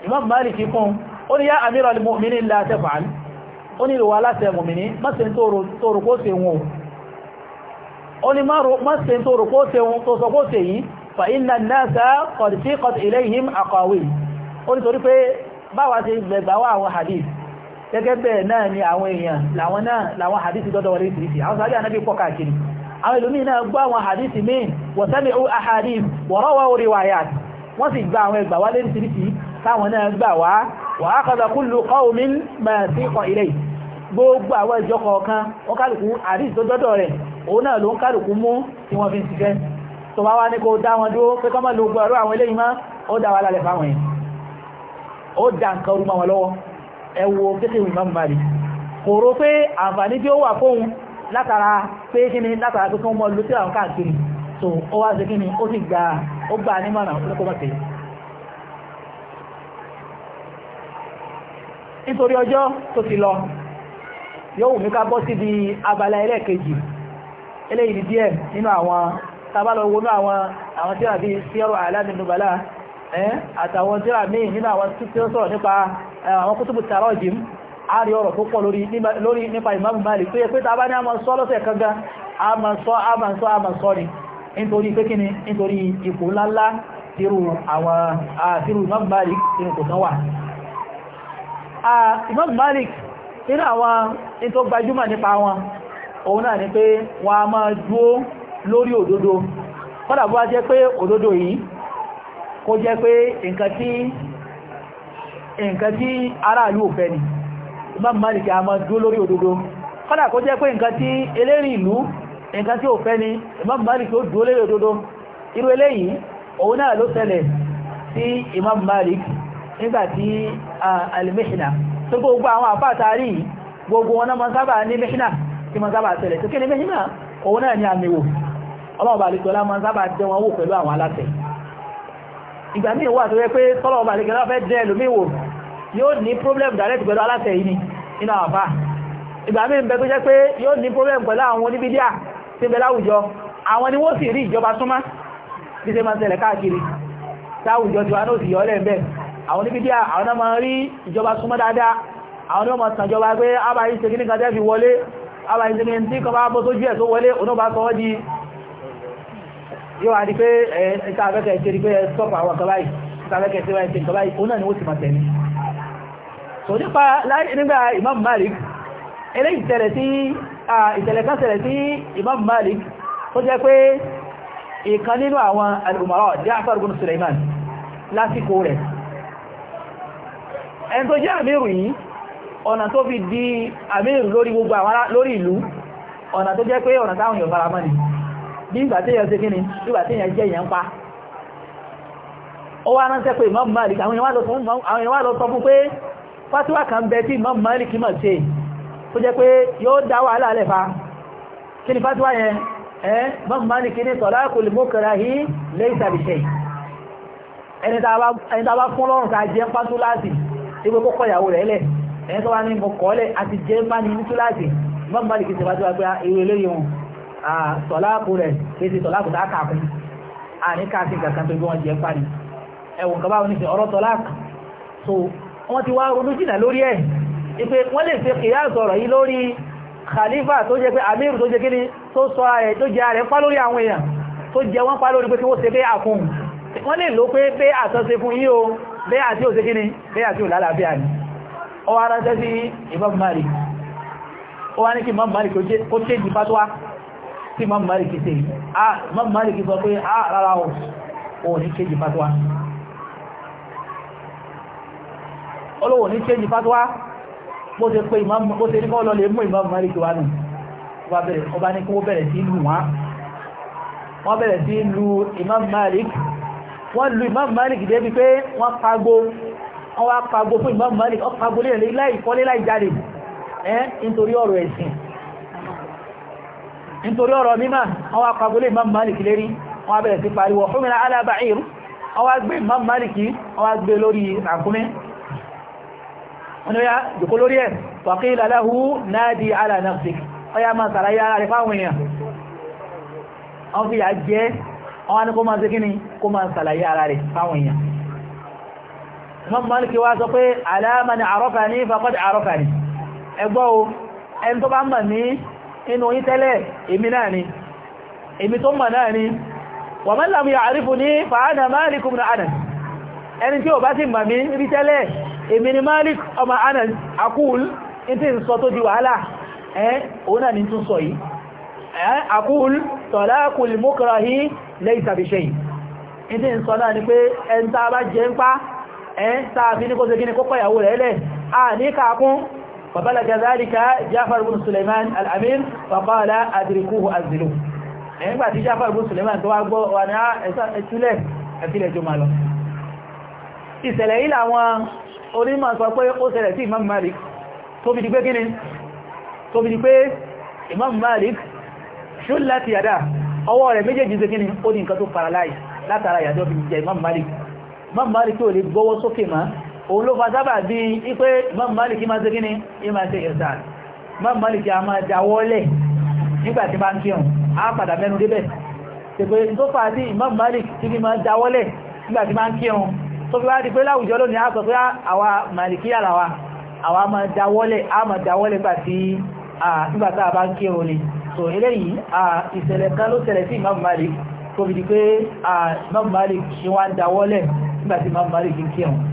Imam Malik fún ó ní yá amiral mu'minin la ó ní ìrọ̀wà aláṣẹ mọ̀mìnì mọ́sí tó rò kó se wọn ó ní mọ́sí tó rò kó se ó nítorí pé báwa ṣe gbẹ̀gbà wá àwọn hadith gẹ́gẹ́ bẹ́ẹ̀ náà ni àwọn èèyàn làwọn náà làwọn hadith dọ́dọ̀ wọlé ìsìsì àwọn sàájú ànábì pọ̀ káàkiri àwọn ìlú míì náà gbọ́ àwọn hadith míì wa sami'u ahadith wa rawaw riwayat wọ́n sì gba àwọn ẹgbà wá lé ìsìsì táwọn náà gbà wá wa akhadha kullu qawmin ma siqa ilayhi gbogbo àwọn ìjọ kọ̀ọ̀kan wọ́n kálùkù ó dá nǹkan orú máa lọ́wọ́ ẹ wo fíkìwì Imam Malik kò pé àǹfààní tí ó wà fóun látara pé kí ni látara pé kí wọ́n mọ lu sí àwọn káàkiri so ó wá sí kí ni ó sì gba ó gbà ní mọ̀nà ó kó mọ̀tẹ́ nítorí abala ẹlẹ́ẹ̀kejì eléyìí díẹ̀ nínú àwọn tabalọ̀ wọnú àwọn àwọn tí wà bíi síọ́rọ̀ Eh, àtàwọn tíra míì nínú àwọn tí ó sọ̀rọ̀ nípa eh, àwọn kútùbù tarajim a rí ọ̀rọ̀ tó pọ̀ lórí nípa Imam Malik tó pé tàbá ní a máa sọ lọ́sẹ̀ a máa sọ a máa sọ ni nítorí pé Malik Malik nínú àwọn gbajúmọ̀ nípa wọn òun náà ni pé wọ́n a máa dúó lórí òdodo kó jẹ́ pé nǹkan tí aráàlú ò fẹ́ ni Imam Malik a máa dúró lórí òdodo kọ́dà kó jẹ́ pé nǹkan tí elérin ìlú nǹkan tí ò fẹ́ ni Imam Malik ó dúró lórí òdodo irú eléyìí òun náà ló ṣẹlẹ̀ sí Imam Malik nígbàtí al-mihna tó gbogbo àwọn àpáàtàrí gbogbo wọn náà máa sábà ní mihna tí máa sábà ṣẹlẹ̀ ni mihna òun náà ni ìgbà míì wà tó yẹ pé tọ́lọ̀ ọba àlejò fẹ́ dẹ́ ẹlòmíì wò yóò ní problem direct pẹ̀lú aláṣẹ yìí ni nínú àwọn àbá ìgbà míì ń bẹ tó jẹ́ pé yóò ní problem pẹ̀lú àwọn oníbídíà tí ń bẹ láwùjọ àwọn ni wọ́n sì rí ìjọba súnmọ́ bí ṣe máa ṣẹlẹ̀ káàkiri láwùjọ tí wọn ó sì yọ́ lẹ́ẹ̀bẹ̀ àwọn oníbídíà àwọn náà máa rí ìjọba súnmọ́ dáadáa àwọn náà máa sàn jọba pé ábáyé ṣe kí ní kan tẹ́ fi wọlé ábáyé ṣe kí kan bá bọ́ sójú ẹ̀ tó wọlé òun náà bá sọ ọ́ di yóò wá di pé ẹ̀ẹ́ta abẹ́kẹ̀ ṣe rí pé ẹ sọ́pọ̀ àwọn kan báyìí ẹ̀ẹ́ta abẹ́kẹ̀ ṣe wáyé ṣe nǹkan báyìí òun náà ni ó ti máa tẹ̀lé so nípa nígbà Imam Malik eléyìí ìṣẹ̀lẹ̀ sí ìṣẹ̀lẹ̀ kan ṣẹlẹ̀ Imam Malik ó jẹ́ pé ìkan nínú àwọn al-umara Ja'far ibn Sulaiman lásìkò rẹ̀ ẹni tó jẹ́ àmìrù yìí ọ̀nà tó fi di àmìrù lórí gbogbo àwọn lórí ìlú ọ̀nà tó jẹ́ pé ọ̀nà táwọn èèyàn faramọ́ ni bí ìgbà tí èèyàn ṣe kí ni ìgbà tí èèyàn jẹ́ èèyàn pa ó wá ránṣẹ́ pé Imam Malik àwọn èèyàn wá lọ sọ fún pé fátíwà kan bẹ tí Imam Malik mọ̀ ṣe tó jẹ́ pé yóò kí ni fátíwà yẹn ẹ́ Imam Malik ní talaqul mukrahi laysa bi shay ẹni tá bá fún lọ́rùn tá jẹ́ pátúláàsì tí pé kọ́kọ́ ìyàwó rẹ̀ lẹ̀ ẹni tó wá ní mọ̀kọ́lẹ̀ àti jẹ́ bá ní túláàsì Imam tọ̀láàkù rẹ̀ kéèsì tọ̀láàkù dákàkù àníkàkì kankan tó bí wọ́n jẹ́ parí ẹ̀wọ̀n kaba wọn nífẹ̀ẹ́ ọ̀rọ̀ tọ̀láàkù so wọ́n ti wá ronú jìnà lórí ẹ̀ ipe wọ́n lè fi kìyà sọ̀rọ̀ yìí lórí khalifa tó jẹ́ pé amir tó jẹ́ kí ni tó sọ ẹ̀ tó jẹ́ rẹ̀ fá lórí àwọn èèyàn tó jẹ wọ́n pa lórí pé kí wọ́n ṣe pé àkùn wọ́n lè ló pé pé àtọ́sẹ fún yí o pé àti òṣe kí ni pé àti òlàlàáfíà ni ó wá ránṣẹ́ sí Imam Malik ó wá ní kí Imam Malik kó ṣe jù fatuwa tí Imam Malik ṣe Imam Malik sọ pé a rárá o òun ní kéjì fatwa olówó ní kéjì fatwa bó ṣe pé bó ṣe ní kọ́ lọ lè mú Imam Malik wà nù ọba ní kí wọ́n bẹ̀rẹ̀ sí lù wọ́n wọ́n bẹ̀rẹ̀ sí lù Imam Malik wọ́n lù Imam Malik débi pé wọ́n pagbo wọ́n wá pagbo fún Imam Malik ọ pagbo lè láì kọ́lé láì jáde ẹ́ nítorí ọ̀rọ̀ ẹ̀sìn nítorí ọ̀rọ̀ mímá àwọn akọgbólé imam malik lérí wọ́n bẹ̀rẹ̀ sí pariwo humila ala ba'ir ọwá gbé imam malik ọwá gbé lórí ràkúnmí wọ́n yá jùkú lórí ẹ̀ waqila lahu nadi ala nafsik ọya ma sàlàyé ara rẹ̀ fáwọn èèyàn wọ́n fi yà jẹ́ ọwá ní kó ma ṣe kíni kó ma sàlàyé ara rẹ̀ fáwọn èèyàn ẹni tó bá mọ̀ ní inú yí tẹ́lẹ̀ èmi náà ni èmi tó mọ̀ náà ni wa man lam ya'rifni fa ana Malik ibn Anas ẹni tí ó bá ti mọ̀ mí rí tẹ́lẹ̀ èmi ni Malik ọmọ Anas akúl in ti sọ tó di wàhálà ẹ́ òun náà ni tún sọ yìí فبلغ ذلك جعفر بن سليمان الأمير فقال أدركوه أنزلوه ẹ̀yìn gbà tí Jafar ibn Suleiman tó wá gbọ́ wà ní ah, ẹ̀túlẹ̀ ẹ̀fílẹ̀ jù máa lọ ìṣẹ̀lẹ̀ yìí làwọn onímọ̀ sọ pé ó ṣẹlẹ̀ sí Imam Malik tó fi di pé kíni tó fi di pé Imam Malik ṣú láti yàdá ọwọ́ rẹ̀ méjèèjì òun ló fa sábà bí i pé Imam Maliki máa ṣe kí ni ìmá ṣe ìrìsàn Imam Maliki a máa jáwọ́lẹ̀ nígbàtí bá ń kí hàn á padà mẹ́nu débẹ̀ ṣègbè tó fà sí Imam Maliki tí kí máa jáwọ́lẹ̀ nígbàtí bá ń kí hàn tó fi wá di pé láwùjọ lónìí á sọ pé àwa Maliki yàrá wa àwa máa jáwọ́lẹ̀ á máa jáwọ́lẹ̀ nígbàtí a bá ń kí hàn ni so eléyìí ìṣẹ̀lẹ̀ kan ló ṣẹlẹ̀ sí Imam Maliki tó fi di pé Imam Maliki ṣe wá ń jáwọ́lẹ̀ nígbàtí Imam Maliki ń kí hàn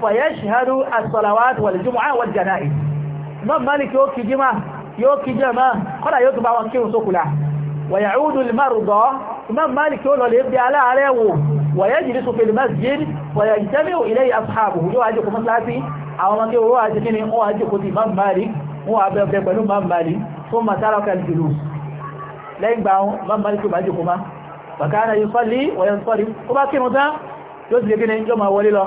fayashhadu as-salawat wal-jumu'ah wal-janaiz imam malik yóò kí jímá yóò kí jẹ́má kọ́dà yóò tó bá wọn kírun sókùlá wa ya'udu al-marda imam malik yóò lọ lè bí aláàrẹ̀ wò ويجلس في المسجد ويجتمع إليه أصحابه جو أجيكم مسلاتي أو من هو أجيكني هو أجيكم إمام مالك هو أبيبن إمام مالك ثم ترك الجلوس لين باو إمام مالك أجيكم فكان يصلي وينصرف وباكي مدى يوزي بني جمع ولي له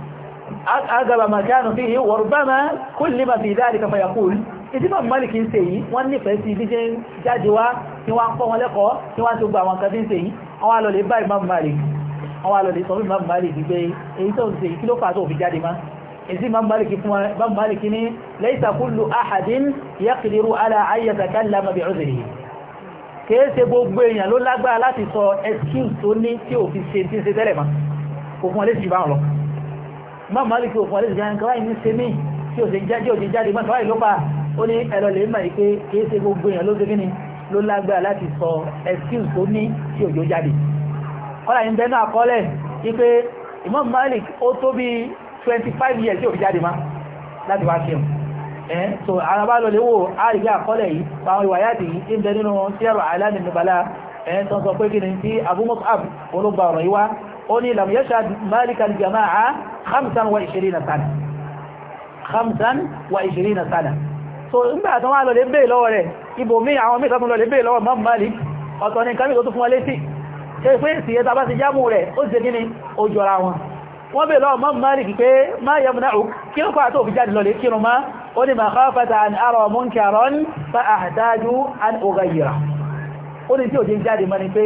أغب ما كانوا فيه وربما كل ما في ذلك فيقول ìdíbà mọ́lìkì ń ṣe yìí wọ́n nífẹ̀ẹ́ sí ibi jẹ́ jáde wá tí wọ́n ń kọ́ wọn lẹ́kọ̀ọ́ tí wọ́n ti gba àwọn kan tí ń ṣe yìí àwọn alọ́lẹ̀ bá Imam Malik àwọn alọ́lẹ̀ sọ fún Imam Malik gbé èyí tó ń ṣe kí ló fà tó fi jáde má èsì Imam Malik ní laysa kullu ahadin yaqdiru má má líkì òfin alẹ́sì gan kawai ní sẹ́mí tí ò ti jáde má kawai ló pa ó ní ẹ̀rọ lè mọ̀ pé kìí ṣe gbogbo èèyàn ló ṣe ló lágbára láti sọ excuse tó ní tí òjò jáde kọ́lá yìí bẹ́ẹ̀ náà kọ́lẹ̀ wípé Imam Malik ó tó bí 25 years tí ò fi jáde má láti wá ṣe ẹ̀ so ara bá lọ lè wò àrígbé àkọlẹ̀ yìí àwọn ìwàyàtì yìí ń bẹ nínú Siyar A'lam an-Nubala ẹ̀ tó sọ pé kí ni tí Abu Mus'ab olóògbà ọ̀rọ̀ yìí wá ó ní lam yashhad malik al-jama'a khamsan wa ishirina sana khamsan wa ishirina sana so nígbà tó wá lọ lè bèè lọ́wọ́ rẹ̀ ibò mí àwọn mí sọ́tún lọ lè bèè lọ́wọ́ mọ́ malik ọ̀tọ̀ ní kàmí tó tún fún ọlẹ́sì ṣe pé sí ẹta bá ti jámù rẹ̀ ó ti gíní ojú ara wọn wọ́n bèè lọ́wọ́ malik pé má yẹ múná òk kí ló pàtó òfin jáde lọlẹ̀ kírun má ó ní an ara munkaran fa ahtaju an ughayira ó ní tí ò jẹ́ jáde ni pé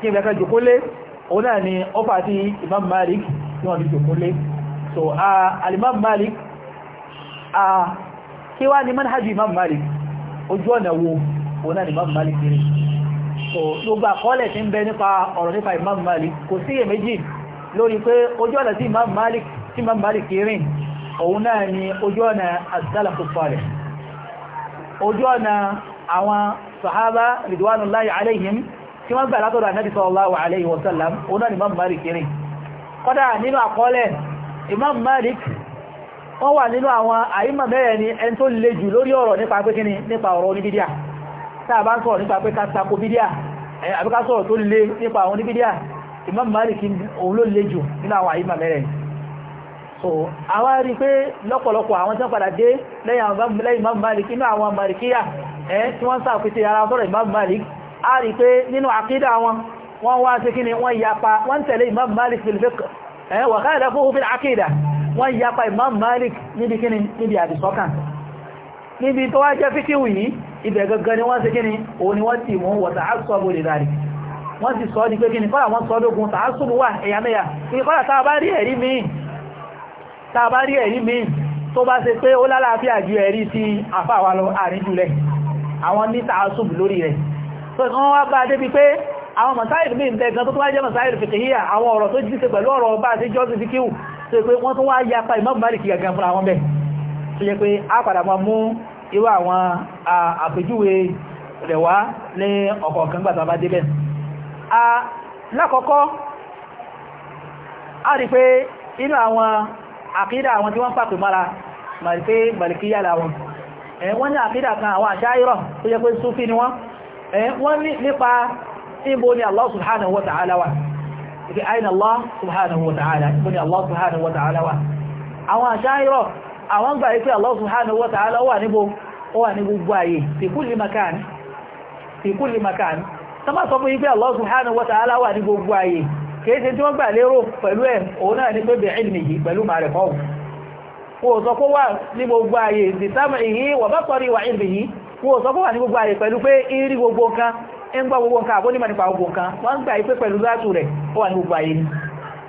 kí ìgbẹ̀kan jòkólé òun náà ni ọfà tí Imam Malik tí wọ́n fi jòkólé so alimam Malik kí wá ní manhajì Imam Malik ojú ọ̀nà wo òun náà ni Imam Malik kiri so gbogbo àkọọ́lẹ̀ tí ń bẹ nípa ọ̀rọ̀ nípa Imam Malik kò sí èméjì lórí pé ojú ọ̀nà tí Imam Malik tí Imam Malik kiri òun náà ni ojú ọ̀nà as-salafu salih ojú ọ̀nà àwọn sahaba ridwanullahi alaihim tí wọ́n gbà látọ̀dọ̀ ànábì sallallahu alayhi wa sallam òun náà ni Imam Malik rí kọ́dà nínú àkọọ́lẹ̀ Imam Malik wọ́n wà nínú àwọn àyíma mẹ́rẹ̀ ni ẹn tó le jù lórí ọ̀rọ̀ nípa pé kíni nípa ọ̀rọ̀ oníbídíà táà bá ń sọ̀rọ̀ nípa pé ká tako bídíà àbí ká sọ̀rọ̀ tó le nípa àwọn oníbídíà Imam Malik òun ló le jù nínú àwọn àyíma mẹ́rẹ̀ so àwọn rí pé lọ́pọ̀lọpọ̀ a rí pé nínú àkídà wọn wọ́n wá sí kíni wọ́n yapa wọ́n tẹ̀lé imam malik fil fiqh ẹ̀ wà káàdà fún òfin àkídà wọ́n yapa imam malik níbi kíni níbi àdìsọ́kàn níbi tó wá jẹ́ fíkíwì yìí ibẹ̀ gangan ni wọ́n sí kíni òun ni wọ́n ti mú wọ̀ta àṣọ́bù lè dárí wọ́n ti sọ di pé kíni kọ́lá wọ́n sọ lógun tààṣùbù wà ẹ̀yà mẹ́yà ní kọ́lá tàà bá rí ẹ̀rí míì tàà bá rí ẹ̀rí àwọn ní tààṣùbù lórí rẹ̀ wọ́n wá bá débi pé àwọn masáìlì mí ń bẹ gan tó tó wá jẹ́ masáìlì fìkìhíyà àwọn ọ̀rọ̀ tó jíse pẹ̀lú ọ̀rọ̀ bá sí jọ́sí fi tó pé wọ́n tó wá ya pa Imam Málìkì gàgan fún àwọn bẹ̀ tó yẹ pé a padà mọ́ mú irú àwọn àpèjúwe rẹ̀ wá tó bá a rí pé inú àwọn àkídà àwọn tí wọ́n pàpè mọ́ra màrí pé Málìkì yà láwọn wọ́n ní àkídà kan ni wọ́n Eh, wọ́n ní nípa níbo ni Allah subhanahu wa ta'ala wa ibi aina Allah subhanahu wa ta'ala níbo ni Allah subhanahu wa ta'ala wa àwọn àṣáyírọ̀ àwọn gbà ikú Allah subhanahu wa ta'ala wà níbo ó wà ní gbogbo ayé fi kulli makan fi kulli makan tó má sọ fún ikú Allah subhanahu wa ta'ala wà ní gbogbo ayé kèése tí wọ́n gbà lérò pẹ̀lú ẹ̀ òun náà ní pé bẹ̀ ilmi yìí pẹ̀lú ma'rifah wọ́n sọ kó wà ní gbogbo ayé ìsìtámà ìhí wà bá sọ́rí wà ilmi yìí wọ́n sọ fọ́wà ní gbogbo ààyè pẹ̀lú pé irí gbogbo nǹkan ń gbá gbogbo nǹkan àbónímọ̀ nípa gbogbo nǹkan wọ́n ń gbà ipé pẹ̀lú látù rẹ̀ ó wà ní gbogbo ààyè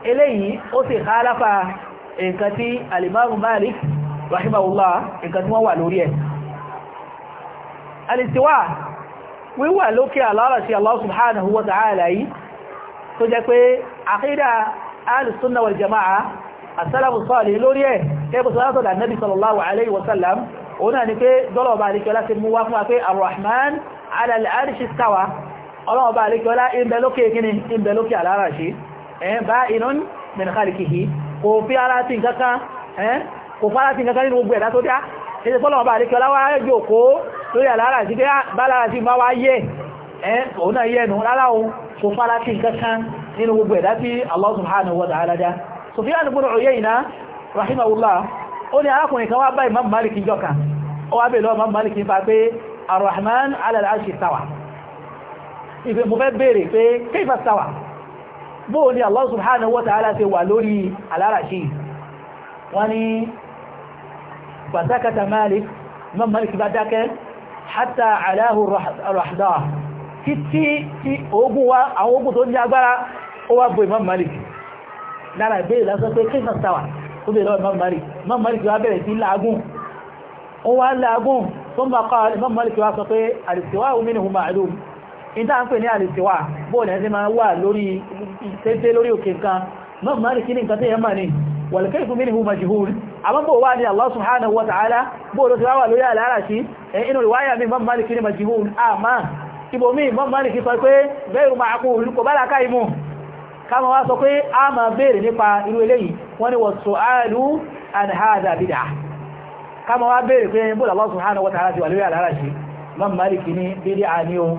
eléyìí ó sì kálápa nǹkan tí alimamu Malik rahimahullah nǹkan tí wọ́n wà lórí ẹ̀ alistiwa wíwà lókè alára sí Allah òun náà ni pé dọ́lọ̀ ọba àríkẹ́lá ti mú wá fún wa pé arrahman alàlẹ̀ àríṣì sáwà ọlọ́wọ́ ọba àríkẹ́lá ìbẹ̀ lókè kíni ìbẹ̀ lókè àlára ṣe ẹ̀yìn bá inún mẹ́nàkàríkìhì kò fi ara ti nǹkankan nínú gbogbo ẹ̀dá tó dá ṣe fọ́lọ̀ ọba àríkẹ́lá wá jòkó lórí àlára sí pé ah, bálára sí máa wá yẹ òun náà yẹ nù rárá o kò fara ti nǹkankan nínú gbogbo ẹ̀dá tí Allah subhanahu wa ta'ala dá Sufyan ibn Uyayna rahimahullah ó ní arákùnrin kan wá bá Imam Malik jọka ó wá bèèrè lọ́wọ́ Imam Malik ń fa pé Ar-Rahman ala al-Arshi istawa ìfẹ́ mo fẹ́ bèèrè pé kayfa istawa bóò ni Allah subhanahu wa ta'ala ṣe wà lórí al wọ́n ni فسكت مالك من مالك بدك حتى علاه الرحضاء títí ó bèèrè lọ́wọ́ Imam Malik Imam Malik wá bẹ̀rẹ̀ sí láàgùn ó wá láàgùn tó ń bá kọ́ Imam Malik wá sọ pé àlìsíwá minhu ma'lum ìta ń pè ní àlìsíwá bóòlù ẹ̀sẹ̀ máa wà lórí tẹ́tẹ́ lórí òkè nǹkan Imam Malik ní nǹkan tó yẹ mà ní wal-kayfu minhu majhul àmọ́ bó wá ní Allah subhanahu wa ta'ala bóòlù ti wá lórí àlárasí inú riwaya mi Imam Malik kama wa so pe a ma bere nipa irú eleyi won ni wọ́n su'alu an hadha bid'ah káàmà wá béèrè pé bóòlù Allah subhanahu wa ta'ala ti wà lórí àlàrà ṣe ma Maliki ní bid'ah ni o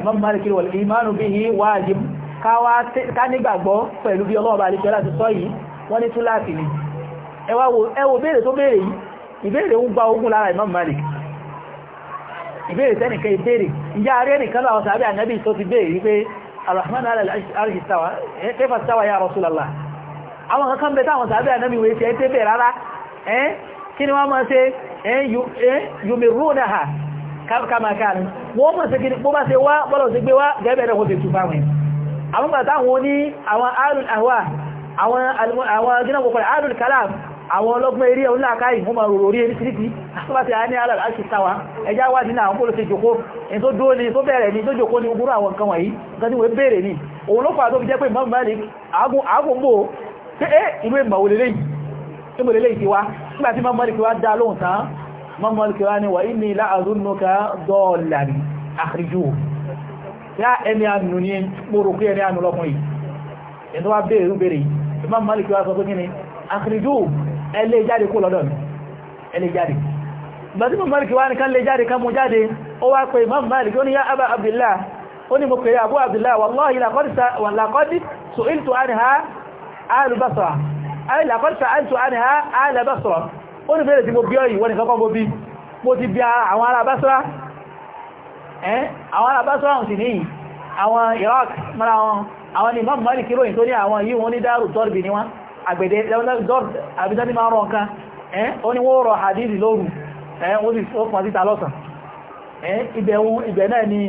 Imam Maliki wal imanu bihi wajib ká nígbàgbọ́ pẹ̀lú bí Ọlọ́run bá lè fẹ́ láti sọ yìí wọ́n ní ni wa wo béèrè gba ogun Imam Malik ti alrahman ala al'arshi stawa eh, kaifa stawa ya rasulallah àwọn kankan bẹ táwọn sàbẹ́ ànábì wé ṣe tẹ́ bẹ̀ rárá ẹ́n eh, kí ni wọ́n máa ṣe eh, yumirunaha kamakan wọ́n máa ṣe kí bó bá ṣe wá bọ́lọ̀ sí gbé wá gẹ́bẹ̀ rẹ̀ kòtò tùfà wọn àwọn gbà táwọn ní àwọn alul ahwa àwọn gínà kòkòrò alul kalam àwọn ọlọ́gbọ́n eré ọ̀hún làkáyì wọ́n máa rorò orí eré síríkì àtúbà ti àní alàrà ṣe tàwà ẹjá wà nínú àwọn olóṣè jòkó ẹni tó dúró ni tó bẹ̀rẹ̀ ni tó jòkó ni gbúrú àwọn nǹkan wọ̀nyí nǹkan tí wọ́n bèèrè ni òun ló fà tó fi jẹ́ pé mọ́mọ́ malik àágùnbò pé é ìlú ìmọ̀lélẹ́yìn ti wá nígbà tí mọ́mọ́ malik wá dá lóhùn tán mọ́mọ́ malik wá ní wà ní ilá àzúnnúka dọ́ọ̀làrí àríjú ẹlẹ́ jáde kó lọ́dọ̀ ẹlẹ́ jáde bàtí mọ̀ mọ́lìkì wá nìkan lè jáde kan mú jáde ó wá pé Imam Malik ó ní yá Aba Abdillah ó ní mo pè Abu Abdillah wallahi laqad su'iltu anha ahlu Basra ay laqad sa'altu anha ahlu Basra ó ní bẹ̀rẹ̀ tí mo bí ọ̀yìn wọ́n nìkan kan mo bí mo ti bí àwọn ará Basra ẹ́ àwọn ará Basra hùn sí níyìn àwọn Iraq mara wọn àwọn ni Imam Malik ròyìn tó ní àwọn yìí wọn ní dáàrù tọ́rì bí àgbẹ̀dẹ àbídání máa rọ nǹkan ẹ́ ó ní wọ́n rọ hadithi lóru ẹ́ ó sì fún àtìta lọ́sàn ẹ́ ibẹ̀ náà ni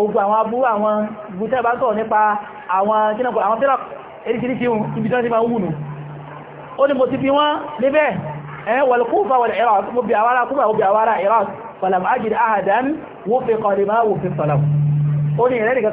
ogun àwọn abúrú àwọn gúúsẹ́ bá sọ̀rọ̀ nípa àwọn kínàkọ̀ àwọn tẹ́lá eríṣiríṣi ibi tán sí máa ń wùnú ó ní mo ti fi wọ́n níbẹ̀ ẹ́ wal Kufa wal Iraq mo bí àwárá Kufa mo bí àwárá Iraq falam ajid ahadan wufiqa lima wufiqa lahu ó ní ìrẹ́nìkan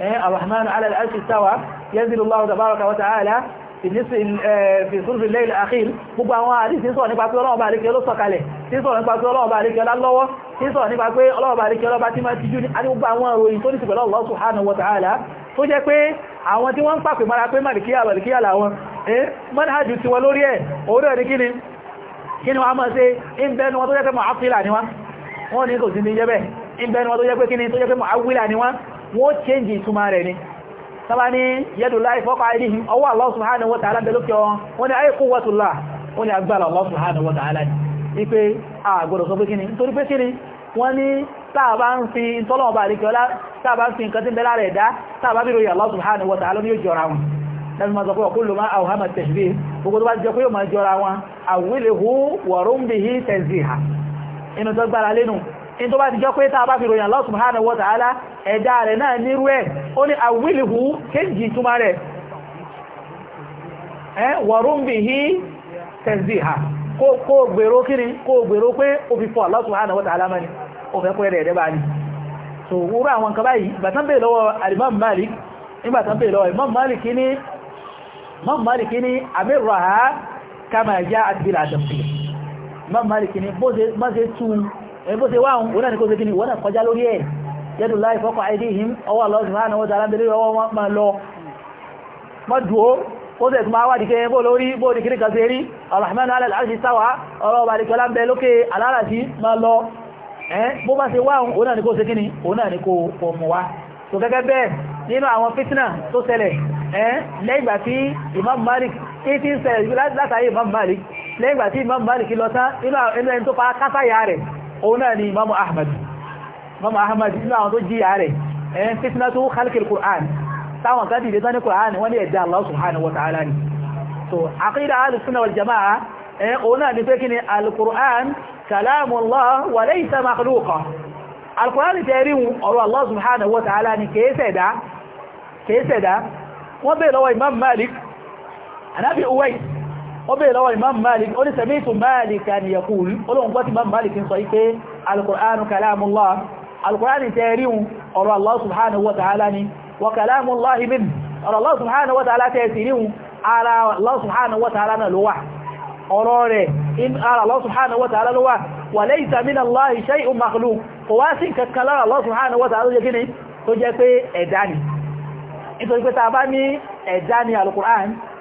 الرحمن على العرش استوى ينزل الله تبارك وتعالى fi sùrùfì lẹ́yìn àkíl gbogbo àwọn àdísí sọ nípa pé ọlọ́ọ̀bà àríkẹ́ ló sọ̀kalẹ̀ tí sọ nípa pé ọlọ́ọ̀bà àríkẹ́ ọlá lọ́wọ́ tí sọ nípa pé ọlọ́ọ̀bà àríkẹ́ ọlọ́bà tí máa ti jú ní gbogbo àwọn ìròyìn tó ní sí pẹ̀lú Allah subhanahu wa ta'ala tó jẹ́ pé àwọn tí wọ́n ń pàpè mara pé màríkíyà màríkíyà làwọn eh mọ́nájú tiwọn lórí ẹ̀ òwúrọ̀ ní kíni kíni wọ́n máa ṣe ń bẹ́nu wọn tó jẹ́ pé mọ̀ áfílà ni wọ́n ní kò sí ní jẹ́ bẹ́ẹ̀ ń bẹ́nu wọn tó jẹ́ pé kíni tó jẹ́ pé mọ̀ áwílà ni wọ́n wọ́n change ìtumà rẹ̀ ni sábà ní yẹ́dù láì fọ́kà ìdíhìn ọwọ́ Allah subhanahu wa ta'ala bẹ̀lú kí wọ́n ni àìkú wọ́tùlá wọ́n ni agbára Allah subhanahu wa ta'ala ni ipé àgbọ̀dọ̀ sọ pé kíni nítorí pé kíni wọ́n ni tàbá ń fi tọ́lọ̀ọ̀bà àríkẹ́ọ́lá tàbá ń fi nǹkan tí ń bẹ lára ẹ̀dá tàbá bí ròyìn Allah subhanahu wa ta'ala ni yóò jọra in tó bá ti jọ pé tá bá fi ròyìn Allah subhanahu wa ta'ala ẹ̀dá rẹ̀ náà nírú ẹ̀ ó ní àwílìhù kéjì túnmà rẹ̀ wọ̀rún bí i tẹ̀síhà kó gbèrò kíni kó gbèrò pé ó fi fọ́ so awọn yi Malik ẹgbó ṣe wáhùn òun náà ni kó ṣe kí ni wọ́n náà kọjá lórí ẹ̀ yẹ́dù láì fọ́kọ̀ àìdí ìhìn ọwọ́ lọ́sùn máa náwó tààrà bẹ̀rẹ̀ ọwọ́ wọn máa lọ mọ́dùó ó sì máa wádìí kẹ́ bó lórí bó ní kíríkà sí rí Ar-Rahmanu 'ala al-'arshi istawa ọ̀rọ̀ ọba àdìkọlá ń bẹ lókè alárasí máa lọ ẹ́ bó bá ṣe wáhùn òun náà ni kó ṣe kí ni òun náà ni kó mọ̀ wá tó gẹ́gẹ́ bẹ́ẹ̀ nínú lọ tán nínú ẹni tó pa kásáyà rẹ̀ òun náà ni Imam Ahmad Imam Ahmad nínú àwọn tó jí ààrẹ ẹ̀yẹn fitna tó khalqil Qur'an táwọn kan dìde tán ní Qur'an wọ́n ní ẹ̀dá Allah subhanahu wa ta'ala ni so aqida al-sunnah wal jama'a ẹ̀yẹn òun náà ni pé kí ni al-Qur'an kalamullah wa laysa wọ́n bèèrè lọ́wọ́ Imam Malik anábì Uwais ó bèèrè lọ́wọ́ imam malik ó ní sami'tu malikan yaqul olóhun gbọ́ tí imam malik ń sọ ipé alkùránù kalamullah alkùránù tẹ́ríun ọ̀rọ̀ allah subhanahu wa ta'ala ni wa kalamullah min ọ̀rọ̀ allah subhanahu wa ta'ala tẹ́sìríun ara allah subhanahu wa ta'ala na lówà ọ̀rọ̀ rẹ̀ in ara allah subhanahu wa ta'ala lówà wa laysa min allah shay'un makhluq kò wá sí kankan lára allah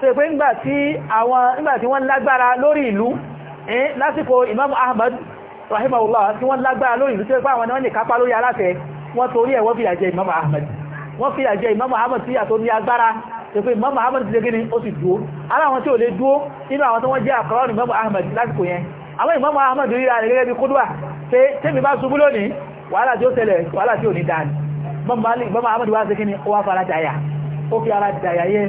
tó pé nígbàtí wọ́n lágbára lórí ìlú lásìkò Imam Ahmad rahimahullah tí wọ́n lágbára lórí ìlú tó pé àwọn náà ní kápá lórí aláṣẹ wọ́n torí ẹ̀wọ́ fìyà jẹ Imam Ahmad wọ́n fìyà jẹ Imam Ahmad tí àtò ní agbára tó pé Imam Ahmad ti gẹ́gẹ́ ni ó sì dúó ara wọn tí ò lè dúó nínú àwọn tó wọ́n jẹ́ àkọrọ̀ Imam Ahmad lásìkò yẹn àwọn Imam Ahmad rí ra rẹ̀ gẹ́gẹ́ bí kúdùwà pé tẹ́mi bá ṣubú lónìí wàhálà tí ó tẹ̀lẹ̀ wàhálà tí ò ní dáa Imam Ahmad wá sí kí ni ó wá fara jàyà ó fi ara jàyà yẹn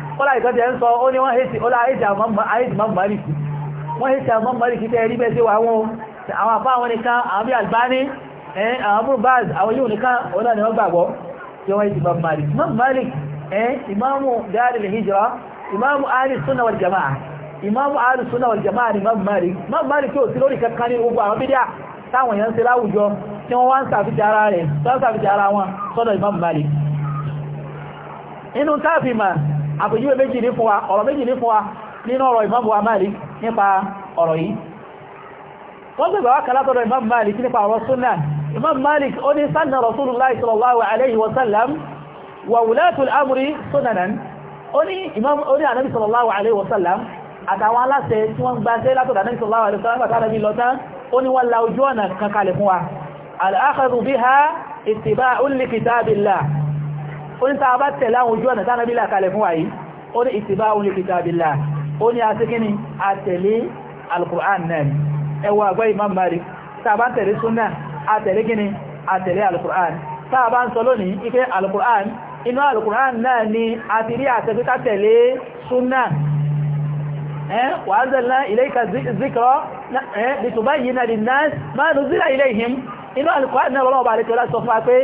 kọ́lá ìkan tẹ́ ń sọ ó ní wọ́n hẹ́sì ọlá àìsì àmọ́mọ́rìkì wọ́n hẹ́sì àmọ́mọ́rìkì tẹ́ rí bẹ́ẹ̀ sí wa wọn àwọn àbá àwọn nìkan àwọn bí Albani àwọn burbaz àwọn yóò nìkan ọlá ni wọ́n gbàgbọ́ tí wọ́n hẹ́sì mọ́mọ́rìkì mọ́mọ́rìkì imamu daril hijra imamu ahli sunna wal jamaa imamu ahli sunna wal jamaa ni mọ́mọ́rìkì mọ́mọ́rìkì ò sí lórí kankan ní gbogbo àwọn bídíà táwọn èèyàn ń ṣe láwùjọ tí wọ́n wá ń sàfíjà ara rẹ̀ tó ń sàfíjà ara wọn sọ́dọ̀ Imam Malik inú táàfì máa àpèjúwe méjì ní fún wa ọ̀rọ̀ méjì ní fún wa nínú ọ̀rọ̀ Imam wa Malik nípa ọ̀rọ̀ yìí wọ́n gbẹ̀gbẹ̀ wá kalátọ̀rọ̀ Imam Malik nípa ọ̀rọ̀ súnnà Imam Malik ó ní sanna Rasulullah sallallahu alaihi wasallam wa wulatul amri sunanan ó ní Imam ó ní Ànábì sallallahu alaihi wasallam àtàwọn aláṣẹ tí wọ́n gbaṣẹ́ látọ̀dọ̀ Ànábì sallallahu alaihi wasallam ó ní tàbá tẹ̀lá ojú ọ̀nà tánàbí làkalẹ̀ fún wáyé ó ní ìtìbá òun lè kìtàbílà ó ní àtíkíní àtẹ̀lé alkùrán náà ẹwà àgbá imam malik tàbá tẹ̀lé súnà àtẹ̀lé kíní àtẹ̀lé alkùrán tàbá ń sọ lónìí ipé alkùrán inú alkùrán náà ni a ti rí àtẹ̀fíkà tẹ̀lé súnà wàázẹ̀lá ilé ìkàzíkọ́ lè tó bá yìí náà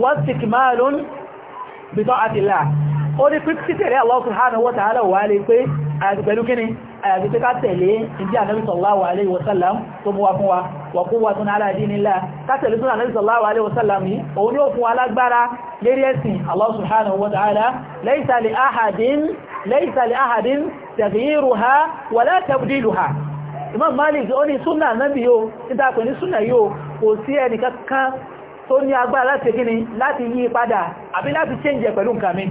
wọ́stíkìmáàlùn bìtọ́ àtìlá ó ní pí títẹ̀lé Allah subhanahu wa ta'ala wà lè pé àyàtì pẹ̀lú kíni àyàtì pé ká tẹ̀lé ìdí Ànábì sallallahu alaihi wasallam tó mú wa fún wa wa quwwatun ala dinillah ká tẹ̀lé tó Ànábì sallallahu alaihi wasallam ní òun ni ó fún alágbára lérí ẹ̀sìn Allah subhanahu wa ta'ala laysa li ahadin laysa li ahadin taghyiruha wala tabdiluha Imam Malik ó ní súnà náà bí yóò títà pẹ̀ ní súnà yóò kò sí tó ní agbára láti gíní láti yí padà àbí láti change pẹ̀lú nǹkan mi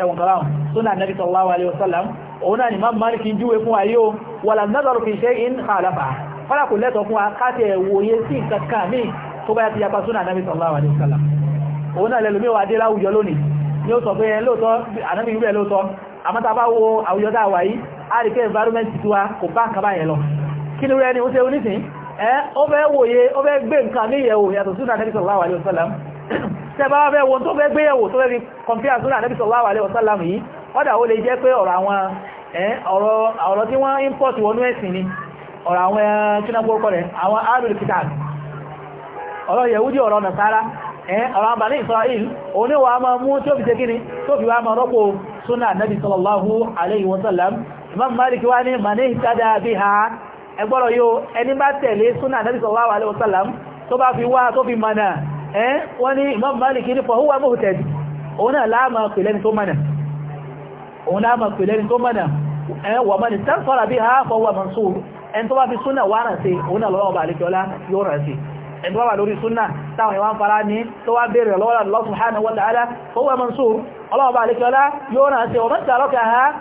ẹ̀wọ̀n kalam súnà nabi sallallahu alaihi wasallam òun náà ni máa márì kí júwe fún ayé o wala nazaru fi shay'in khalafa fọ́lá kò lẹ́tọ̀ fún akáti ẹ̀wòye sí kankan mi tó bá ti yapa súnà nabi sallallahu alaihi wasallam òun náà lẹ́lùmí wà dé láwùjọ lónìí ni ó sọ pé ẹ lóòtọ́ ànábì wíbẹ̀ lóòtọ́ àmọ́ tá bá wo àwùjọ tá kí ni rẹ ni ó ṣe onísìn ọbẹ̀ wòye ọbẹ̀ gbé nǹkan ní ìyẹ̀wò yàtọ̀ sí náà nẹ́bìsọ̀ láwà alẹ́ ọ̀sálàm tẹbà bẹ́ wọn tó fẹ́ gbéyẹ̀wò tó fẹ́ yìí ọ̀dà ó lè jẹ́ pé ọ̀rọ̀ tí wọ́n import wọnú ẹ̀sìn ni ọ̀rọ̀ àwọn kínápọ̀rọ̀kọ̀ rẹ̀ àwọn arúlùkítà ọ̀rọ̀ yẹ̀wúdí a máa mú tí ó imam ẹgbọ́rọ̀ yóò ẹni bá tẹ̀lé súnà Nabi sallallahu alaihi wasallam tó bá fi wá tó fi mana ẹ́ wọ́n ní Imam Malik ní fahuwa muhtadi òun náà láàmà pèlẹ́ni tó mana òun láàmà pèlẹ́ni tó mana wa man istansara biha fahuwa mansur ẹni tó bá fi súnà wá ràn sí òun náà lọ́wọ́ balikiola yóò ràn sí ẹni tó bá lórí súnà táwọn ìwọ̀n fara ní tó wá bèèrè lọ́wọ́ Allah subhanahu wa ta'ala fahuwa mansur ọlọ́wọ́ balikiola yóò ràn sí ọmọ ha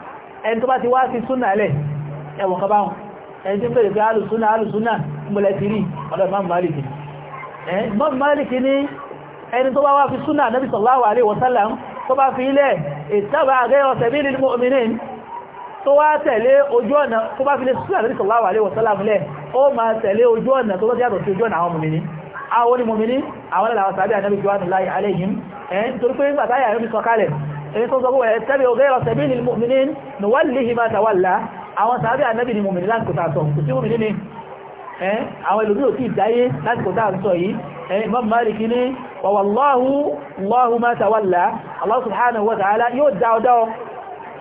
ẹni tó bá ti wá sí súnà lẹ̀ ẹwọ̀n kabáhùn ẹni tí bèèrè pé alùsúnà alùsúnà múlẹ̀ ti rí ọ̀dọ̀ Imam Malik Imam Malik ní ẹni tó bá wá fi súnà Nabi sallallahu alaihi wasallam tó bá fi ilẹ̀ ìtàbà ghayra sabilil mu'minin tó wá tẹ̀lé ojú ọ̀nà tó bá fi lè súnà Nabi sallallahu alaihi wasallam lẹ̀ ó máa tẹ̀lé ojú ọ̀nà tó lọ́tí yàtọ̀ sí ojú ọ̀nà àwọn mùmìnì àwọn mùmìnì àwọn ìlànà sàbí ànábì jù wánà láì aléyìn ẹn torí pé ní mùmìnì nùwálìhì àwọn sàábí ànábì ni mòmìnì láti kòtà sọ kò sí mòmìnì ni àwọn ìlú yóò tí ìdáyé láti kòtà sọ yìí Imam Malik ní wàwàláhù lọ́hù máa tàwàlá Allah subhanahu wa ta'ala yóò dáadáa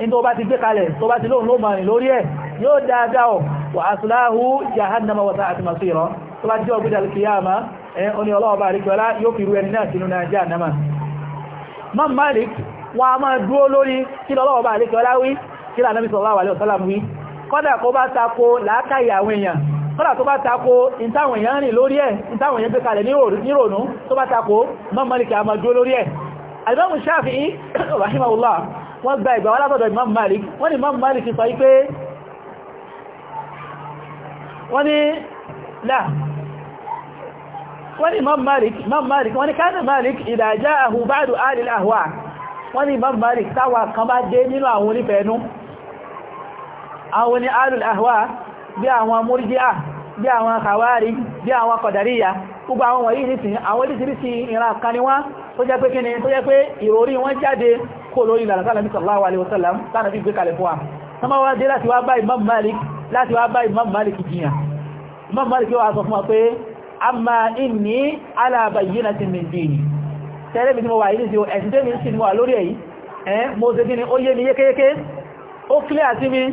in tó bá ti gbé kalẹ̀ tó bá ti lóhun ló mọ̀rin lórí ẹ̀ yóò dáadáa wà asùláhù jahannama wa ta'at masira tó bá jẹ́ ọgbẹ́dà kìyàmá oní ọlọ́ọ̀bá àríkọ́lá yóò fi wọ́n a máa dúó lórí kí lọ́lọ́ọ̀bá àríkọ́lá wí kí lànàbí sallallahu alaihi wasallam wí kọ́dà kó bá tako làákàyè àwọn èèyàn kọ́dà tó bá tako ìtàwọn èèyàn rìn lórí ẹ̀ ìtàwọn èèyàn gbé kalẹ̀ nírònú tó bá tako mọ́mọ́lìkì àmàjú lórí ẹ̀ alimamu Shafi'i rahimahullah wọ́n gba ìgbà alátọ̀dọ̀ imam Malik wọ́n ni imam Malik sọ wípé wọ́n ni láà wọ́n ni imam Malik imam Malik wọ́n ni káàkiri Malik idha ja'ahu ba'du alil ahwa wọ́n kan bá dé nínú àwọn onífẹ́ẹ̀nú àwọn ní alul ahwa bí àwọn murji'ah bí àwọn khawarij bí àwọn qadariyah gbogbo àwọn wọ̀nyí nìsìn àwọn oríṣiríṣi ìran kan ni wọ́n tó jẹ́ pé kíni tó jẹ́ pé ìròrí wọn jáde kó lórí ìlànà sálàmì sallallahu alaihi wasallam tánà bí gbé kalẹ̀ fún wa sọmọ wá dé láti wá bá Imam Malik láti wá bá Imam Malik jiyàn Imam Malik yóò wá sọ fún wa pé ó yé àti mi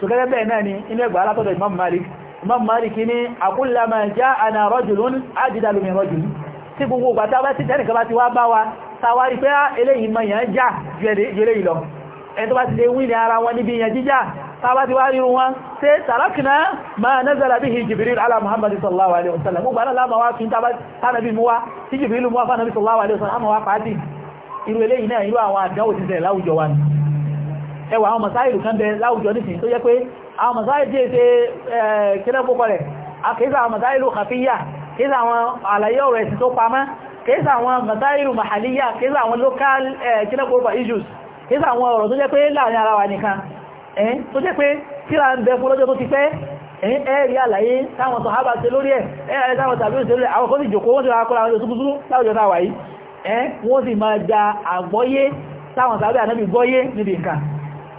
so gẹ́gẹ́ bẹ́ẹ̀ náà ni inú ẹgbà alátọ́dọ̀ imam malik imam malik ni akullama ja'ana rajulun ajdalu min rajul tí gbogbo ìgbà tá bá ti tẹ́nìkan bá ti wá bá wa tàwárí pé ah, eléyìí mọ̀ yàn já jẹ́lé ìlọ ẹni tó bá ti lè wí ní ara wọn níbi yàn jíjá tàbá ti wá rírun wọn ṣe tàrákìná ma nazala bihi jibril ala muhammad sallallahu alaihi wasallam gbogbo aláàmà wá fi tàbá tánàbí mú wá tí jibril mú wá fánàbí sallallahu alaihi wasallam wá àwọn àdánwò ti ṣẹlẹ̀ láwùjọ wa ni ẹwà àwọn masáìlù kan bẹ láwùjọ nìsìn tó yẹ pé àwọn masáìlù tí èsẹ kílẹ̀ púpọ̀ rẹ̀ kìíṣà àwọn masáìlù kàfíyà kìíṣà àwọn àlàyé ọ̀rọ̀ ẹ̀sìn tó pamọ́ kìíṣà àwọn masáìlù mahaliya kìíṣà àwọn local kílẹ̀ púpọ̀ issues kìíṣà àwọn ọ̀rọ̀ tó jẹ́ pé láàrin ara wa nìkan tó jẹ́ pé kíra ń bẹ fún lọ́jọ́ tó ti pẹ́ ẹ̀rí àlàyé táwọn sọ̀hábà ṣe lórí ẹ̀ ẹ̀rẹ́ táwọn tàbí òṣèlú àwọn kan sì jòkó wọ́n sì wá kọ́ra àwọn olóṣùgbùsùn láwùjọ táwà yìí wọ́n sì máa ja àgbọ́yé táwọn tàbí ànábì gbọ́yé níbi nǹkan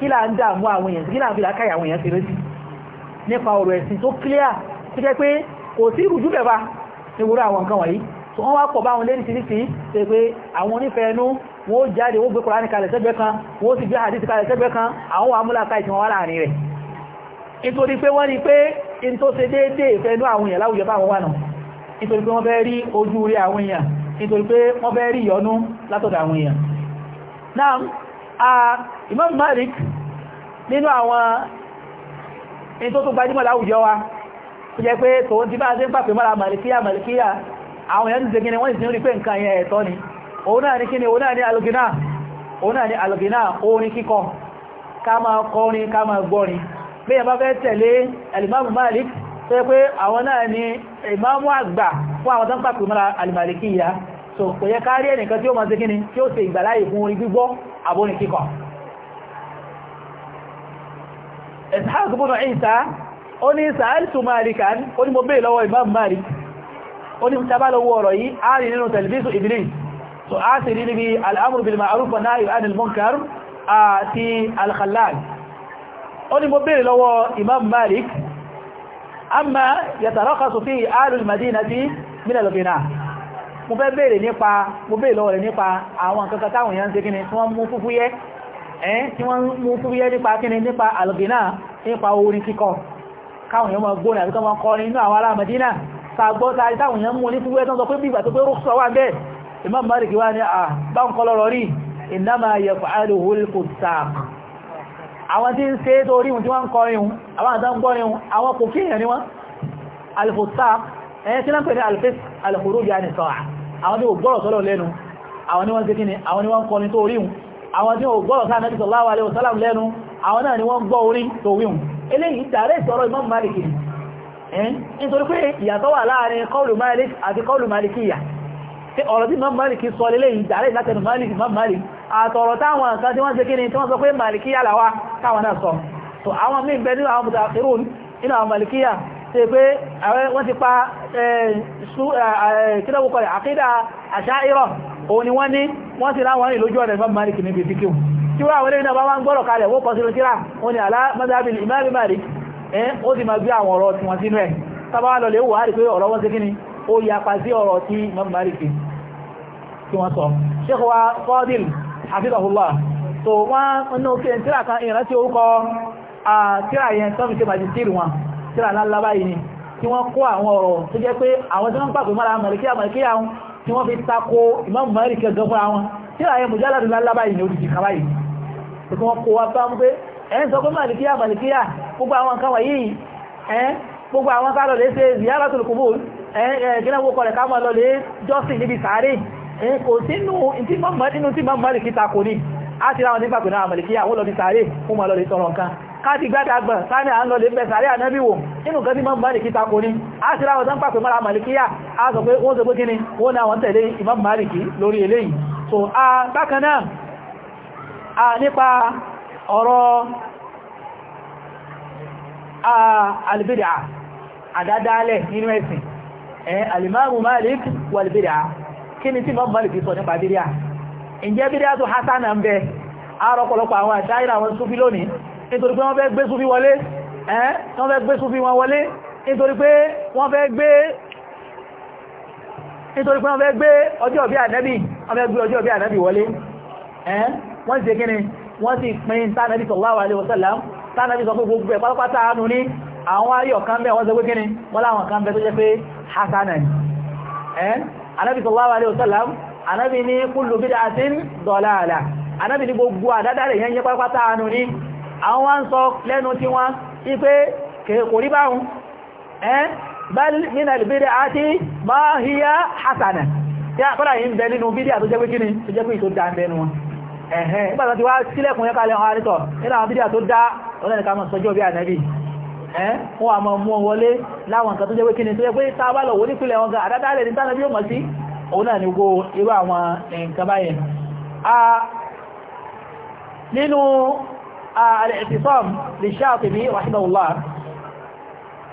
kí là ń dààmú àwọn èèyàn kí là ń fi làákàyà àwọn èèyàn ṣeré sí nípa ọ̀rọ̀ ẹ̀sìn tó clear tó jẹ́ pé kò sí ìrùjú bẹ̀bá ní wúrú àwọn nǹkan wọ̀nyí tó wọ́n wá pọ̀ bá wọn lé nítìnísí tó pé àwọn onífẹ́ ẹnu wọ́n ó jáde wọ́n gbé Kùránì kalẹ̀ sẹ́gbẹ́ kan wọ́n sì gbé hadith kalẹ̀ Imam Malik nínú àwọn in tó tó gbajúmọ̀ láwùjọ wa tó jẹ́ pé tòun ti bá ṣe ń pàpẹ mọ́ra malikiya malikiya àwọn èèyàn ti gini wọ́n sì rí pé nǹkan yẹn ẹ̀tọ́ ni òun náà ní kíni òun náà ní alugina òun náà ní alugina orin kíkọ ká máa kọrin ká máa gbọ́rin bí ẹ bá fẹ́ Malik tó yẹ pé àwọn náà ní imamu àgbà fún àwọn tó so kò yẹ kárí ẹnìkan tí ó máa ṣe kíni tí ó ṣe ìgbàláyè fún orin gbígbọ́ àbórin kíkọ Ishaq ibn Isa ó ní sa'altu Malikan ó ní mo bèè lọ́wọ́ Imam Malik ó ní tabalọ́wọ́ ọ̀rọ̀ yìí a rí nínú tẹlifísù Iblis so a sì rí níbi al'amur bil ma'aruf wa àti al ó ní mo bèèrè lọ́wọ́ imam malik mo fẹ́ béèrè nípa mo béèrè lọ́wọ́ rẹ̀ nípa àwọn nǹkan kan táwọn èèyàn ń ṣe kíni tí wọ́n mú fúfúyẹ́ ẹ́ tí wọ́n mú fúfúyẹ́ nípa kíni nípa alùgínà nípa orin kíkọ káwọn èèyàn máa gbóni àti kọ́ kọrin inú àwọn ará Madina sàgbọ́ sáré táwọn èèyàn mú ní fúfúyẹ́ tó ń sọ pé bí ìgbà tó pé rúkúsọ wà bẹ́ẹ̀ Imam Malik wá ní à bá ń kọ́ lọ́rọ̀ rí innama yaf'aluhu al-fussaq àwọn ni wọ́n al-fussaq ẹ̀yẹ́ tí wọ́n al-fisq al-khuruj 'an as àwọn tí ó gbọ́rọ̀ sọ́lọ̀ lẹ́nu àwọn ni wọ́n ṣe kíni àwọn ni wọ́n kọrin tó oríhun àwọn tí ó gbọ́rọ̀ sáà Nabi sallallahu alaihi wasallam lẹ́nu àwọn náà ni wọ́n gbọ́ orí tó wíhun eléyìí tààrẹ ìsọ̀rọ̀ Imam Malik nítorí pé ìyàtọ̀ wà láàrin kọlù Malik àti kọlù Malikiyya tí ọ̀rọ̀ tí Imam Malik sọ léyìí tààrẹ ìlátẹnu Malik Imam Malik àtọ̀rọ̀ táwọn nǹkan tí wọ́n ṣe kíni tí wọ́n sọ pé Malikiyya làwá táwọn náà sọ so àwọn míì bẹ́ẹ̀ nínú àwọn mùtàkìrún nínú àwọn se pé wọ́n ti pa kílọ̀wọ́kọ̀ àkídà àṣà ìrọ̀ òun ni wọ́n ní wọ́n ti láwọn ìlójú ọ̀rẹ̀ Imam Malik níbi fíkíù tí wọ́n àwọn ilẹ̀ wọ́n gbọ́rọ̀ kalẹ̀ wọ́n kọsílò tíra wọ́n ni alá madhabi Imam Malik ẹ́ ó ti ma gbé àwọn ọ̀rọ̀ tí wọ́n sínú ẹ̀ sábàá lọ lè wò á rí pé ọ̀rọ̀ wọn ṣe kíni ó yapa sí ọ̀rọ̀ tí Imam Malik tí wọ́n sọ Sheikh wa Fadil hafizahullah so wọ́n nínú kí n tíra kan ìrántí orúkọ tíra yẹn tó tíra ńlá báyìí ni tí wọ́n kó àwọn ọ̀rọ̀ tó jẹ́ pé àwọn tí wọ́n pàpẹ mọ́ra mọ̀lẹ́kíyà mọ̀lẹ́kíyà wọn tí wọ́n fi tako Imam Malik gan fún àwọn tíra yẹn mùjálàdù ńlá báyìí ni ó dìjì kan báyìí tí wọ́n kó wá bá ń pé ẹ̀ ń sọ pé mọ̀lẹ́kíyà mọ̀lẹ́kíyà gbogbo àwọn nǹkan wọ̀nyí ẹ̀ gbogbo àwọn ká lọ́lẹ̀ ṣe ziyaratul qubur gínàwó kọlẹ̀ ká a ti ráwọn nígbàkùn náà màlìkíyà wọ́n lọ bí sàárè fún ma lọ lè tọrọ nǹkan káàkiri gbádàgbà sáàrin à ń lọ lè bẹ sàárè ànábì wò nínú kan tí ma bá nìkí tako ní a ti ráwọn tán pàpẹ mara màlìkíyà a sọ pé wọ́n sọ pé kíni wọ́n náà wọ́n tẹ̀lé Imam Málìkì lórí so a bákan a nípa ọ̀rọ̀ a albidà àdádálẹ̀ nínú ẹ̀sìn eh alimamu Malik walbidà kí ni tí Imam Málìkì sọ nípa bidà ǹjẹ́ bídíà tó hasana ń bẹ arọ́pọ̀lọpọ̀ àwọn àṣáyìrà àwọn súfí lónìí nítorí pé wọ́n fẹ́ gbé súfí wọlé ẹ́ wọ́n fẹ́ gbé súfí wọn wọlé nítorí pé wọ́n fẹ́ gbé ọjọ́ bí ànábì wọ́n fẹ́ gbé ọjọ́ bí ànábì wọlé ẹ́ wọ́n sì kíni wọ́n sì pín tánàbí sallallahu alaihi wasallam tánàbí sọ pé gbogbo ẹ̀ pátápátá ánú ní àwọn ayọ̀ kan bẹ́ wọ́n sọ pé kíni wọ́n láwọn kan bẹ́ tó jẹ́ pé hasana ni ẹ́ anábì sallallahu alaihi wasallam anábi ní kúlù bídá sí dọ̀lá àlà anábi ní gbogbo àdádàrẹ̀ yẹn yẹ pátápátá anú ní àwọn wá ń sọ lẹ́nu tí wọ́n ipé kò rí báhùn ẹ́n bal min albida àti ma hiya hasana tí a kọ́dà yìí ń bẹ nínú bídí àtó jẹ́ pé kíni tó jẹ́ pé tó dá ń bẹnu wọn ẹ̀hẹ́ nígbàtà tí wá sílẹ̀kùn yẹ́ kalẹ̀ ọ̀hán àrítọ̀ nínú àwọn bídí àtó wọ́n a mọ̀ mú wọlé láwọn nǹkan tó jẹ́ pé kíni tó jẹ́ pé tábàlọ̀ wọ́n nípìnlẹ̀ wọn gan àdádálẹ̀ ní tánàbí ó mọ̀ sí òun náà ni gbó irú àwọn nǹkan báyẹn nínú al-i'tisam li Shatibi rahimahullah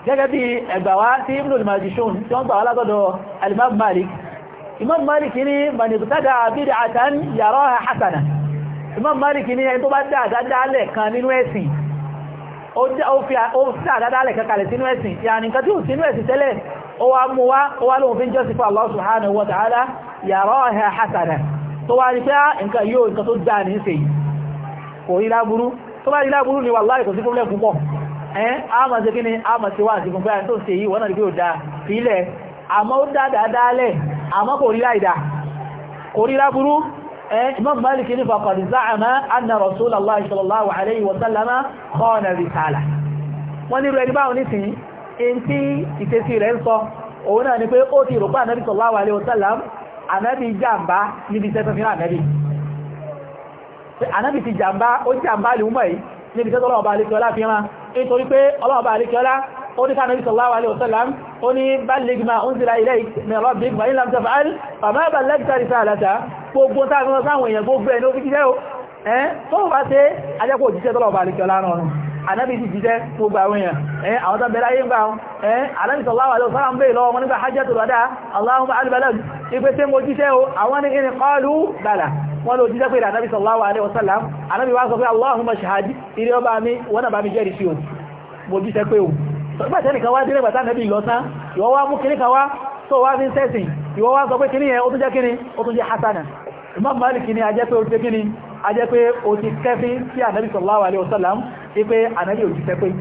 gẹ́gẹ́ bí ẹgbàwá tí Ibn al-Majishun tí wọ́n gbà wá látọ̀dọ̀ al-Imam Malik Imam Malik ní man ibtada'a bid'atan yaraha hasana Imam Malik ní ẹni tó bá dáadáa dálẹ̀ kan nínú ó wá mú wá ó wá lóhun fi ń jọ́sí fún Allah subhanahu wa ta'ala yaraha hasana tó wá rí pé ah, nǹkan yóò nǹkan tó dáa ní ń ṣe kò rí láburú tó bá rí ni wallahi kò sí problem púpọ̀ ẹ́n àmà sí kíni àmà sí wà sí fún pẹ́yà tó ṣe yìí wọ́n náà rí pé ó dáa fílẹ̀ àmọ́ ó dáadáa dáálẹ̀ àmọ́ kò rí láìdá kò rí láburú Imam Malik ní faqad za'ama anna Rasulullah sallallahu alaihi wa sallama khana risala wọ́n ní rẹ̀ ní báwọn nísìnyí in tí ìtẹ́sí rẹ̀ ń sọ òun náà ni pé ó ti rọ̀pá ànábì sallallahu alaihi wasallam ànábì jàmbá níbi tẹ́tọ́ mìíràn ànábì ànábì ti jàmbá ó jàmbá lè mọ̀ yìí níbi tẹ́tọ́ ọlọ́ọ̀bá alẹ́kọ́lá fi rán nítorí pé ọlọ́ọ̀bá alẹ́kọ́lá ó ní sáànàbí sallallahu alaihi wasallam ó ní balligma unzila ilayk min rabbik wa in lam taf'al fama ballaghta risalata gbogbo táàrin ọsáwọn èèyàn gbogbo ẹni ó fi jíṣẹ́ anábì ti jíjẹ́ gbogbo àwọn èèyàn ẹ́ àwọn tó bẹ̀rẹ̀ ayé ń gbà wọn ẹ́ anábì sallallahu alaihi wasallam ń bèèrè lọ́wọ́ wọn nígbà hajjatul wada Allahumma albalag ipé tí mo jíṣẹ́ o àwọn ní ìrìn qalu bala wọ́n ló jíjẹ́ pé anábì sallallahu alaihi wasallam anábì wá sọ pé Allahumma shahadi ilé ọba mi wọ́n bá mi jẹ́rìí sí o mo jíṣẹ́ pé o sọgbàtẹ́ nìkan wá dínlẹ̀ bàtà nẹ́bí lọ́tán Imam Malik ni ajẹ́ pé ó ti kíni ajẹ́ pé ó ti kẹfín sí ànábì sallallahu alaihi wasallam wípé ànábì ò ti tẹ́pẹ́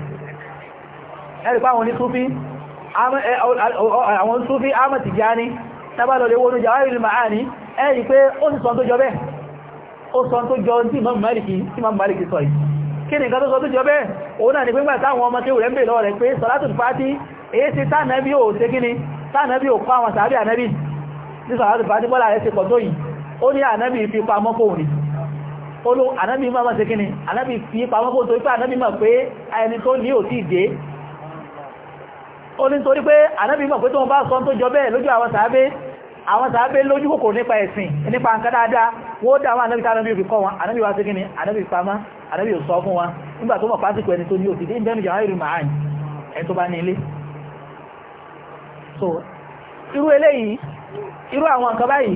ẹ̀rìpá àwọn onísúfí àmà Tijani tábàlọ̀lẹ̀ wọnú Jawahirul Ma'ani ẹ̀rì pé ó sì sọ́n tó jọ bẹ́ẹ̀ ó sọ́n tó jọ tí Imam Malik tí Imam Malik sọ yìí kí ni nǹkan tó sọ ni pé gbà táwọn ọmọ kéwù rẹ̀ ń bè lọ rẹ̀ pé Salatul Fati èyí ti tánàbí ò ṣe kíni tánàbí ò kọ́ àwọn sàábì ànábì ní Salatul Fati bọ́lá rẹ̀ ṣe pọ̀ tó yìí ó ní ànábì fi pamọ́ fóun ni olú ànábì máa ṣe kíni ànábì fi pamọ́ fóun torí pé ànábì mọ̀ pé ẹni tó ní òtí ìdé ó ní torí pé ànábì mọ̀ pé tó wọ́n bá sọ tó jọ bẹ́ẹ̀ lójú àwọn sàábé àwọn sàábé lójú kòkòrò nípa ẹ̀sìn nípa nǹkan dáadáa wọ́n dá àwọn ànábì tánàbí fi kọ́ wọn ànábì wá ṣe kíni ànábì pamọ́ ànábì ò sọ fún wa nígbà tó mọ̀ pásìkò ẹni tó ní òtí dé ìbẹ́nu jàwá ìrù màáyì ẹni tó bá ní ilé so irú eléyìí irú àwọn nǹkan báyìí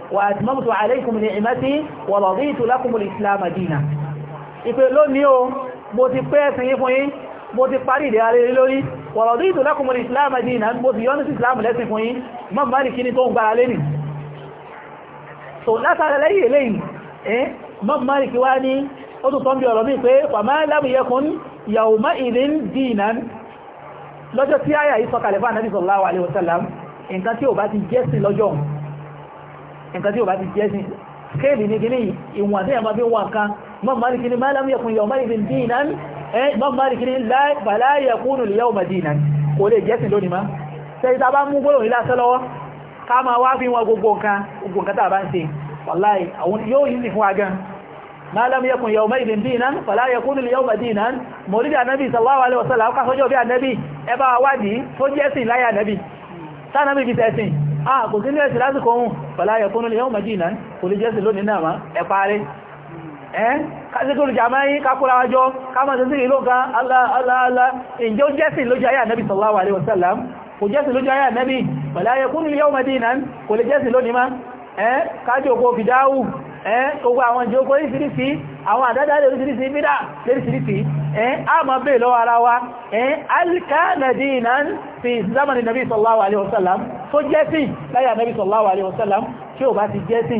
وأتممت عليكم نعمتي ورضيت لكم الإسلام دينا ipe lónìí o mo ti pé ẹ̀sìn yí fún yín mo ti parí ìdí ààrẹ lórí wọ̀rọ̀dí ìtòlákùnmù islam dínà mo ti yọ́nà sí islam lẹ́sìn fún yín mọ́ bá ní kíní tó ń gbára lẹ́nì so látàrí lẹ́yìn eléyìn eh mọ́ bá ní kíwá ní ó tún tọ́ bí ọ̀rọ̀ mí pé fàmá lámìyẹkùn yàwùmá ìdín dínà lọ́jọ́ tí àyà yìí sọ kalẹ̀ fún ànábì sallallahu alaihi wasallam nǹkan tí ò bá ti jẹ́sìn lọ́jọ́ nǹkan tí ò bá ti jẹ́ sí kéèlì ní gíní ìwọ̀n tí ẹ̀mọ́ bí wọ́n kan mọ́mọ́lì kìíní málam yakun yawmaidhin bin dinan mọ́mọ́lì kìíní fala yakunu al-yawma dinan kò lè jẹ́sìn lónìí má tẹ́ ìta bá mú gbọ́lọ̀ nílá sọ́lọ́wọ́ ká máa wá fi wọn gbogbo nǹkan gbogbo nǹkan tàbá ń ṣe wallahi àwọn yóò yìí fún agan málam yakun yawmaidhin dinan fala yakunu al-yawma dinan mọ̀lídà nabi sallallahu alaihi wasallam tánàbí fi tẹ́sìn ah kò sí ní ẹ̀sìn lásìkò ohun pẹ̀lá ẹ̀kún ní yọ́n mẹ́jì náà kò lè jẹ́sìn lónìí náà máa ẹ̀parí ẹ́ kásíkò lè jàmá yí kákúra wájọ́ káàmà sí ìlú kan aláàlá ìjọ jẹ́sìn lójú ayé ànẹ́bì sallallahu alaihi ẹ́ kájòkó fìdáhù ẹ́ gbogbo àwọn ìjókó ìsìrísí àwọn àdádálẹ̀ orísìírísìí bídá lérísìírísìí ẹ́ a ma bèè lọ́wọ́ ara wa ẹ́ alkanadina fi zamani nabi sallallahu alaihi wasallam tó jẹ́ sí láyà nabi sallallahu alaihi wasallam tí ó bá ti jẹ́ sí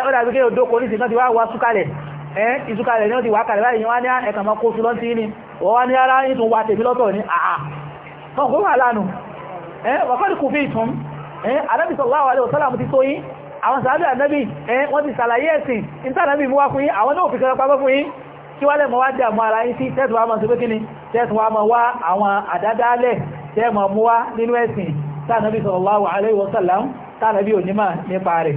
ó dàbí kí odókò ní ìsìnkán ti wá wá súkàlẹ̀ ìsúkàlẹ̀ ní ó ti wá kàlẹ̀ báyìí wá ní ah, ẹ̀kàn máa kó sí lọ́ntí ní wọ́n wá ní ara ìtún wà tèmi lọ́tọ̀ ní àà ah, ah. wọ́n kó wà alaihi wasallam ti tó yí àwọn sàábì anábì wọ́n ti sàlàyé ẹ̀sìn ìtànábì mú wá fún yí àwọn náà fi kẹrẹ pamọ́ fún yí kí wálẹ̀ mọ́ wá dà mọ́ ara yín sí tẹ́tù wá mọ́ sí alaihi wasallam tànábì onímọ̀ nípa rẹ̀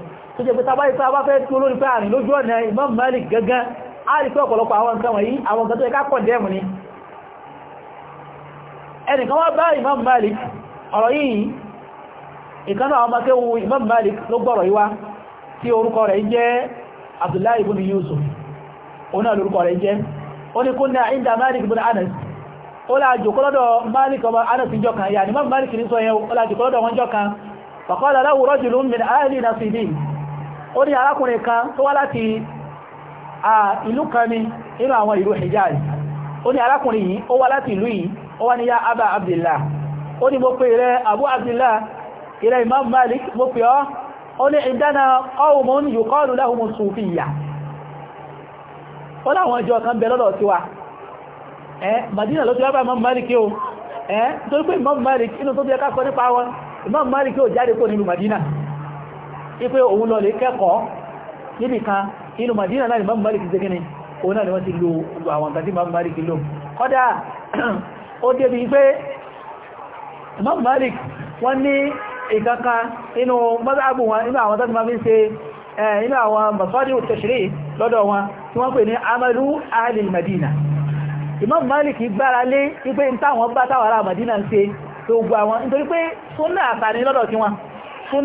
tó jẹ́ pé tàbáyé pé a bá fẹ́ tí olórin pé àrìn lójú ọ̀nà Imam Malik gangan a rí pé ọ̀pọ̀lọpọ̀ àwọn nǹkan wọ̀nyí àwọn nǹkan tó yẹ ká pọ̀ dẹ́mù ni ẹnìkan wá bá Imam Malik ọ̀rọ̀ yìí ìkanú àwọn makéwu Imam Malik ló gbọ́rọ̀ yìí tí orúkọ rẹ̀ jẹ́ Abdullahi ibn Yusuf òun náà lórúkọ rẹ̀ jẹ́ ó ní kúnnà inda Malik ibn Anas ó láàjò kọ́lọ́dọ̀ Malik ọmọ Anas jọ kan yà ní Imam Malik ní sọ yẹn ó láàjò kọ́lọ́dọ̀ wọn jọ kan faqala lahu nasibin ó ní arákùnrin kan tó wá láti ìlú kan ní inú àwọn ìlú Hijaz ó ní arákùnrin yìí ó wá láti ìlú yìí ó wá ní ya Aba Abdillah ó ní mo pè rẹ Abu Abdillah ilẹ̀ Imam Malik mo pè ọ́ ó ní ìdána qawmun o Imam Malik yóò ipe òun lọ lè kẹ́kọ̀ọ́ níbi kan Madina náà ni Imam Malik ni gíní òun náà ni wọ́n ti lo àwọn nǹkan tí Imam Malik lò kọ́dá ó débi pé Malik wọ́n ní ìkankan inú mọ́sáàbù wọn inú àwọn tọ́tí ma fi ń ṣe inú àwọn wọn tí wọ́n pè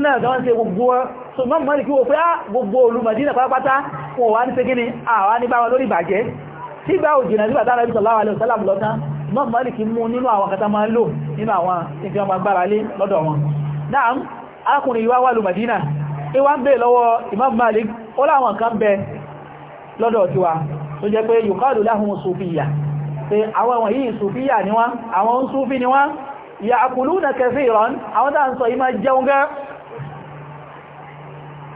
ní so mọ́ mọ́ ìkí wo pé ah, gbogbo olùmọ̀dínà pátápátá wọn wá ní pé gíní àwá ní bá wọn lórí ìbàjẹ́ tí bá òjìnà sí bàtà rẹ̀ sọ̀láwà lè sọ́lá lọ́tán mọ́ mọ́ ìkí mú nínú àwọn kata máa ń lò nínú àwọn ìfẹ́ ọmọ agbára lé lọ́dọ̀ wọn náà arákùnrin ìwá wà lùmọ̀dínà ìwá ni wọ́n àwọn ń ni wọ́n yà àkùlù na kẹfì ìrọ̀n àwọn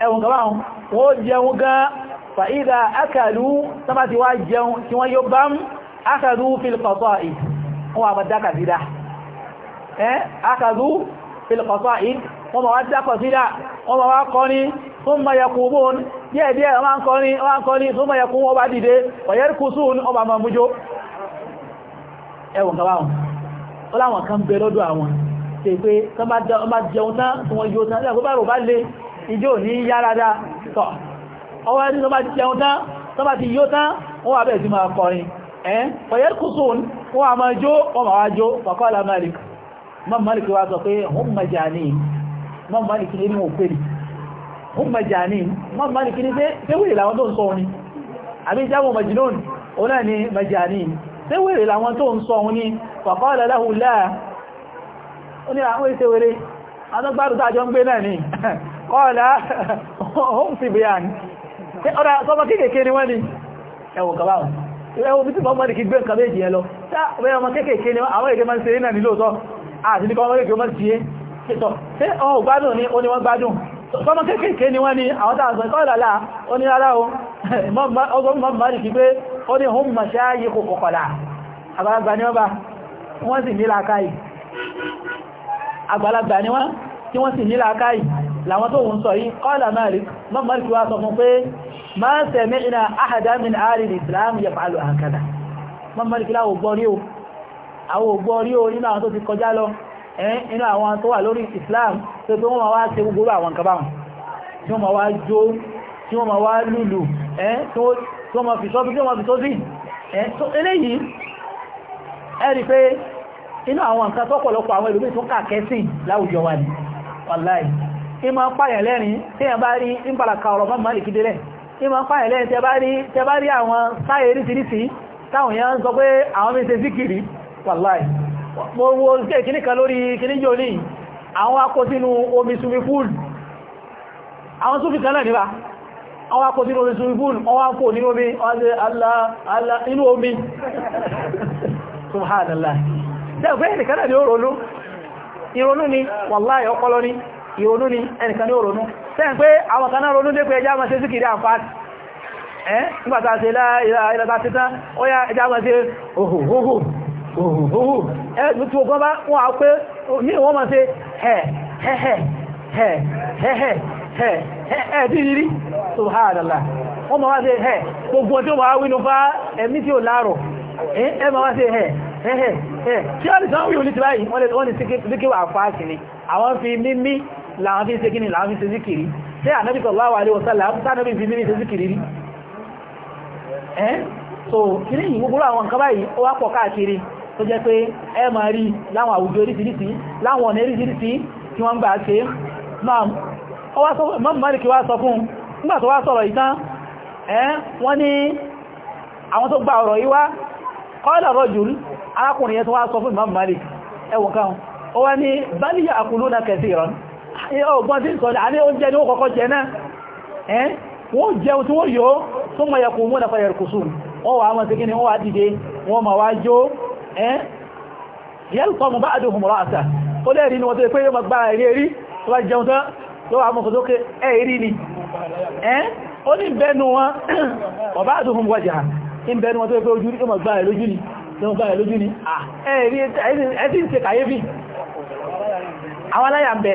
ẹwùn gabáhùn wọ́n jẹun gan fa'ida akàlú sábà ti wá jẹun tí wọ́n yóò bám akàlú filkọ̀tọ̀ ì wọ́n wà dákà sídá akàlú filkọ̀tọ̀ ì wọ́n ma wá dákà sídá wọ́n ma wá kọ́ni fún mayakú bóòn díẹ̀ díẹ̀ wọ́n ma ń kọ́ni fún mayakú wọ́n bá dìde ọ̀yẹ́rìkúsùn wọ́n ma mọ̀mújó ẹwùn gabáhùn kan bẹ àwọn tẹ́ pé tọ́ bá jẹun tán tí wọ́n yóò tán lẹ́gbẹ́ bá rò bá lè ìjó ní yá rádá tọ́ ọwọ́ ẹni tó bá ti jẹun tán tó bá ti yó tán wọ́n wà bẹ̀ẹ̀ sí máa kọrin ẹ́n pẹ̀yẹ́ kùsùn wọ́n a máa jó wọ́n máa jó pàkọ́lá Malik Imam Malik wá sọ pé hum majani Imam Malik ní mọ̀ pẹ̀lú hum majani Imam Malik ní sẹ́wìrì làwọn tó ń sọ tó ń sọ kọ́ọ̀lá ohun fi bí yàn ọ̀rọ̀ sọmọ kéèkéé ni wọ́n ni ẹwọ kàbáwọ̀ ẹwọ bí tí bọ́ mọ́dé kí gbé nǹkan méjì yẹn lọ táwọn ọmọ kéèkéé ni àwọn èdè máa ń ṣe nínà nílò tọ́ àti ní kọ́mọ́ kéèkéé máa ń ṣe ṣe ọ̀hún gbádùn ni ó ní wọ́n gbádùn sọmọ kéèkéé ni wọ́n ni àwọn táàzọ kọ́ọ̀lá ó ní rárá o ọgbọ́n mọ́ mọ́dé kí pé ó ní ohun mọ̀ ṣáá yí kò kọ̀kọ̀lá àgbàlagbà ni wọ́n bá wọ́n sì ní làákàyè àgbàlagbà ni wọ́n tí wọ́n sì ní làákàyè láwọn tó ń sọ yìí qala Malik mọ́ Malik wá sọ fún pé ma sami'na ahadan min ahli Islam yaf'alu hakadha mọ́ Malik láwọ̀ gbọ́rí o àwọ̀ gbọ́rí o nínú àwọn tó ti kọjá lọ inú eh, àwọn tó wà lórí Islam tó tó wọ́n wá ṣe gbogbo àwọn nǹkan báwọn tí wọ́n ma wá jó tí wọ́n ma wá lùlù eh, tí wọ́n ma fi ìmọ̀ pààyàn lẹ́rin tí ẹ bá rí ń pàlàkà ọ̀rọ̀ ma mọ́lì kìdí rẹ̀ ìmọ̀ pààyàn lẹ́rin tẹ bá rí àwọn sáyẹ̀ eríṣiríṣi táwọn èèyàn sọ pé àwọn mẹ́sẹ̀ síkìrì wàláì mo wo kìní kan lórí kìní jò ní àwọn omi sumi pool àwọn súnfì kan náà níbà àwọn akó sínú omi sumi pool wọ́n wá kó nínú omi inú omi subhanallah ni ni ìrònú ni ẹnìkan ní òrònú sẹ́yìn pé àwọn kan ronú dé pé ẹjá mọ́ sí síkìrí àǹfààní ẹ́ nígbàtà sí ìlàta títán ó yá ẹjá mọ́ sí òhòhòhò òhòhòhò ẹ́ wá sí ẹ̀ tí ó báyìí wọ́n síkí wà àwọn fi mímí làwọn fi ń ṣe kí ni làwọn fi ń ṣe zikiri tí ànábì sallallahu alaihi wasallam tánàbí fi mírí ṣe zikiri rí ẹ́ so kìrí yìí gbogbo àwọn nǹkan báyìí ó wá pọ̀ káàkiri tó jẹ́ pé ẹ máa rí láwọn àwùjọ oríṣiríṣi láwọn ọ̀nà oríṣiríṣi tí wọ́n gbà mam mọ́mù márìkì wá sọ fún nígbà tó wá sọ̀rọ̀ ìtàn ẹ́ wọ́n ní àwọn tó gba ọ̀rọ̀ yìí wá qala rajul arákùnrin yẹn tó wá sọ fún mọ́mù márìkì ẹwọ̀n kan ó wá ní bal ya'kuluna kathiran ọgbọ́n tí ń sọ àní oúnjẹ ni ó kọ́kọ́ jẹ náà ẹ́ wọ́n jẹun tí wọ́n yóò tó mọ̀ yẹkù mú nàfà yẹrùkùsù wọ́n wà mọ̀ sí kí ni wọ́n wà dìde wọ́n ma wá jó ẹ́ yẹ́lùkọ́ mú bá àdúhùn mọ̀rọ̀ àṣà ó lẹ́rí ni wọ́n tó pé yóò ma gbá ẹ̀rí ẹ̀rí tó bá jẹun tán tó wà mọ̀ sókè ẹ̀rí ni ẹ́ ó ní bẹnu wọn wọ́n bá àdúhùn wọ́jà ń bẹnu wọn tó pé ojú ní ma gbá ẹ̀lójú ni ẹ̀rí ẹ̀sìn ṣe kàyéfì àwọn aláyà ń bẹ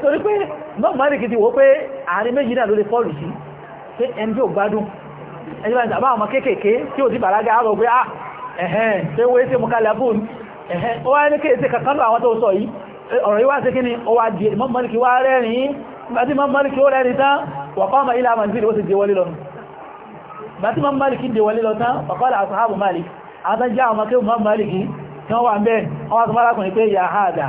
torí pé náà máa rìkìtì wó pé àárín méjì náà ló lè fọ́ọ̀lù sí pé ẹni tí ó gbádùn ẹjọ́bá ìjọba àwọn kéèkèé tí ò ti bàlágà rọ̀ pé ah ẹ̀hẹ́n tí wé sí mọ́kànlá bùn ẹ̀hẹ́n ó wá ní kéèsì kankan lọ àwọn tó sọ yìí ọ̀rọ̀ yìí wá sí kíni ó wá di mọ́mọ́lìkì wá rẹ́rìn-ín gbàtí mọ́mọ́lìkì ó rẹ́rìn tán wàkọ́mọ̀ ilá manzil ó sì dé wọlé lọ gbàtí mọ́mọ́lìkì dé wọlé lọ tán wàkọ́lá àṣàhábù malik àtàjá àwọn akéwù mọ́mọ́lìkì tí wọ́n wà ń bẹ́ẹ̀ wọ́n wá sọ fárákùnrin pé yà áàdà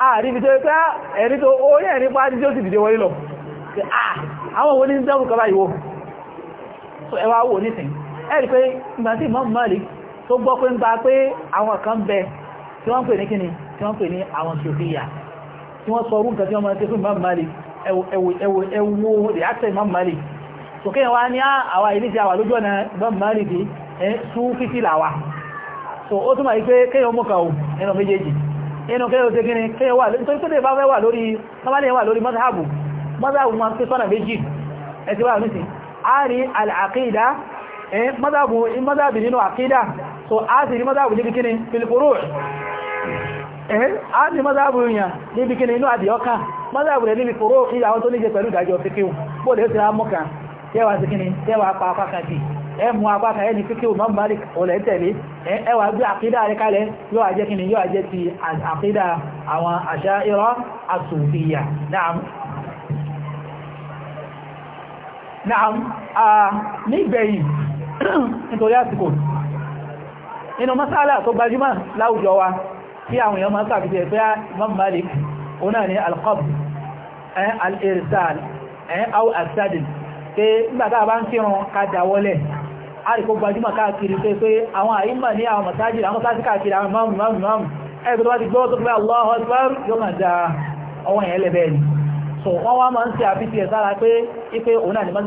Ah, àríbi tó pé ah, ẹ̀rí tó orí ẹ̀rí pàájí adi di sì dìde wọlé lọ ah, àwọn wo ní dẹ́rù kọba ìwò ẹwà wò nìsìn ẹ̀rí pé ìgbà tí Imam tó gbọ́ pé ń gba pé àwọn kan bẹ tí wọ́n pè ní kíni tí wọ́n pè ní àwọn tí wọ́n sọ inú kéyò tí gíní kéyò wà lórí torí kéyò bá fẹ́ wà lórí tọ́bálẹ̀ wà lórí mọ́sáàbù sọ́nà méjì ẹ̀sì wà nìsí a rí al'aqida nínú aqida so a sì rí mọ́sáàbù níbi kíní filifuru a ní mọ́sáàbù yìnyàn níbi kíní inú àdìyọ́ká mọ́sáàbù rẹ̀ níbi furu ìyàwó tó níje pẹ̀lú ìdájọ́ fíkíw tẹ́wàá sí kíni tẹ́wàá pa apá kan sí ẹ mú apá kan ẹni kíkí Imam Malik ọ̀lẹ̀ tẹ̀lé ẹ wá gbé àkídà rẹ kalẹ̀ yóò wá jẹ́ kíni yóò wá jẹ́ ti àkídà àwọn Asha'ira as-Sufiyya na'am na'am a nígbẹ̀yìn nítorí àsìkò inú masala tó gbajúmọ̀ láwùjọ wa àwọn èèyàn pé nígbàtà bá ń kírun ká dáwọ́lẹ̀ àríkò gbajúmọ̀ káàkiri pé pé àwọn àìmọ̀ ní àwọn mọ̀sájì àwọn sáàtì káàkiri àwọn mọ́mù mọ́mù mọ́mù ẹgbẹ́ a ti gbọ́ tó pé Allahu Akbar yóò máa da ni so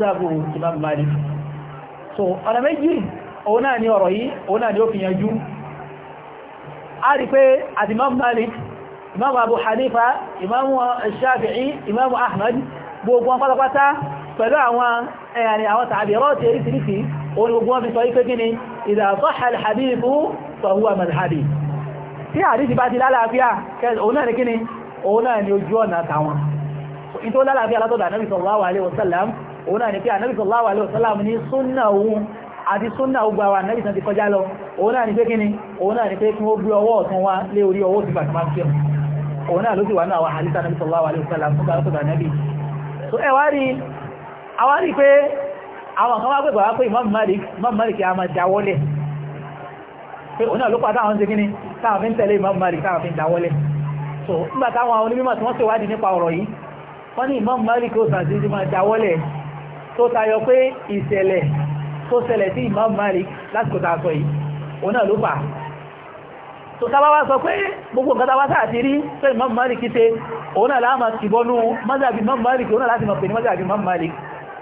ya Imam Malik so Abu Hanifa Imam Shafi'i Imam Ahmad gbogbo pátápátá pẹ̀lú àwọn ẹ̀yàni eh, àwọn tàbírọ́ ti eríṣìíríṣìí orí gbogbo wọn fi sọ ipé gíní ìdàfọ́ alhadibu fọ̀húwà mazhabi tí àdíjì bá ti lálàáfíà òun náà ni kíní òun náà ni ojú ọ̀nà tàwọn in tó lálàáfíà látọ̀dọ̀ anábì sallallahu alaihi wasallam òun náà ni pé anábì sallallahu alaihi wasallam ní súnnà òun àti súnnà ogun àwọn anábì tán ti kọjá lọ òun náà ni pé kíní òun náà ni pé kí wọ́n gbé àwọn rí pé àwọn kan wá pè bàbá pé Imam Malik a máa dáwọ́lẹ̀ pé òun náà ló pàtà àwọn ṣekíní táwọn fi ń tẹ̀lé Imam Malik táwọn fi ń dáwọ́lẹ̀ so nígbà táwọn onímọ̀ tí wọ́n ṣe wádìí nípa ọ̀rọ̀ yìí wọ́n ní Imam Malik ó sàn sí máa dáwọ́lẹ̀ tó tayọ pé ìṣẹ̀lẹ̀ tó ṣẹlẹ̀ sí Imam Malik lásìkò tá a sọ yìí òun náà ló pa tó tá bá wá sọ pé gbogbo nǹkan tá bá sáà ti rí pé Imam Malik ṣe òun náà láàmà tìbọnú mọ́sàbí Imam Malik òun náà láti mọ̀ pé ní mọ́sàbí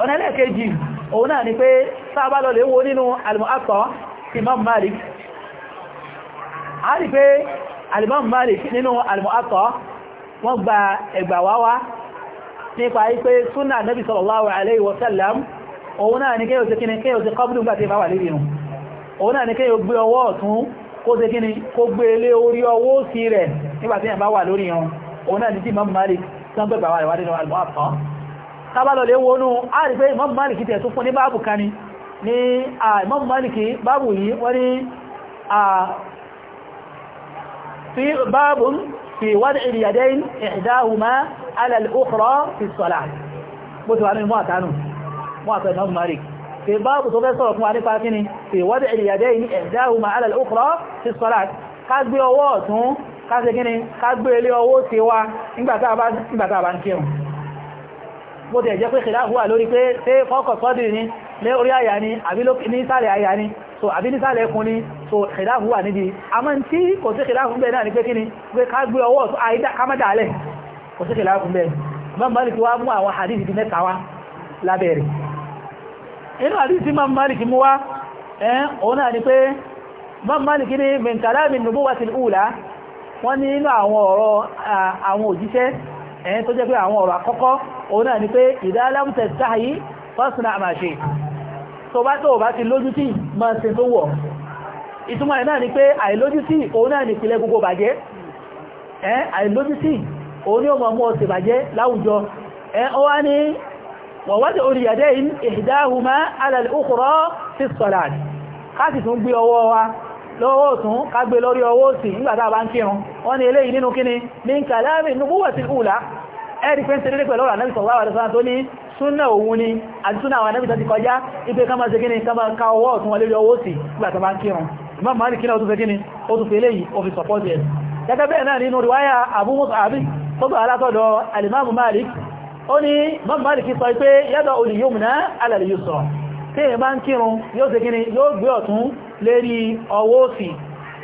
ọ̀nà ẹlẹ́ẹ̀kejì òun náà ni pé sáàbá lọ lè wo nínú al-Muwatta ti Imam Malik a rí pé al-Imam Malik nínú al-Muwatta wọ́n gba ẹgbà wá wá nípa ipé súnà Nabi sallallahu alaihi wasallam òun náà ni kéyò ti kíni kéyò ti kọ́bùdù gbà ti fáwà lébìnú òun náà ni kéyò gbé ọwọ́ ọ̀tún tábàlọ̀lẹ̀ wọnú àrí pé Imam Maliki tẹ̀ tó fún ní báàbù kan ní Imam Maliki báàbù yìí wọ́n ní báàbù fi wad'il yadayn ihdahuma ala al-ukhra fi as-salah bó ti wà nínú mọ́àtánù mọ́àtán Imam Maliki fi báàbù tó fẹ́ sọ̀rọ̀ fún wa nípa kíni fi wad'il yadayn ihdahuma ala al-ukhra fi as-salah ká gbé ọwọ́ bó ti ẹ̀jẹ́ pé kìláàfù wà lórí pé ṣe fọ́kọ̀ sọ́dì ní lé orí àyà ni àbí nísàlẹ̀ àyà ni so àbí nísàlẹ̀ ẹkùn ni so kìláàfù wà níbi àmọ́ tí kò sí kìláàfù bẹ́ẹ̀ náà ni pé kí ni pé ká gbé ọwọ́ kámádàálẹ̀ kò sí kìláàfù bẹ́ẹ̀ Imam Malik wá mú àwọn hadith mẹ́ta wá lábẹ́rẹ̀ inú hadith Imam Malik mú wá ẹ́n òun náà ni pé Imam Malik ní min kalami nubuwatil ula wọ́n ní inú àwọn ọ̀rọ̀ àwọn òjíṣẹ́ ẹ̀yìn tó jẹ́ pé àwọn ọ̀rọ̀ àkọ́kọ́ òun náà ni pé ìdálámtẹ̀ sáàyí fásitì àmà ṣe tó bá tó bá ti lójútì ma ṣe tó wọ̀ ìtumọ̀ náà ni pé àìlójútì òun náà ni ìpìlẹ̀ gbogbo bàjẹ́ àìlójútì òun ni ó mọ̀ mọ́ ọ̀sẹ̀ bàjẹ́ láwùjọ lọ́wọ́ òtún kágbé lórí ọwọ́ òsì nígbàtà bá ń kírun wọ́n ni eléyìí nínú kíni ní kàlámì nùbúwàtí ìhùlá ẹ̀rí pé ń tẹ́lẹ̀ pẹ̀lú ọ̀rọ̀ ànábìsọ̀ wà wà tó ní súnà òun ni àti súnà àwọn ànábìsọ̀ ti kọjá ipé ká máa ṣe kíni ká máa ká ọwọ́ ọ̀tún wọlé ọwọ́ òsì nígbàtà bá ń kírun ìmáàmù Málíkì kíni ó tún fẹ́ kíni ó tún fi eléyìí ó fi sọ̀pọ́tì ẹ̀ gẹ́gẹ́ bẹ́ẹ̀ náà nínú ríwáyà Abu Mus'ab tọ́gbà alátọ́dọ̀ al-Imam Malik ó ní Imam Malik sọ pé yada al-yumna ala al tí èyàn bá ń kírun yóò ṣe kíni yóò gbé ọ̀tún lérí ọwọ́ òsì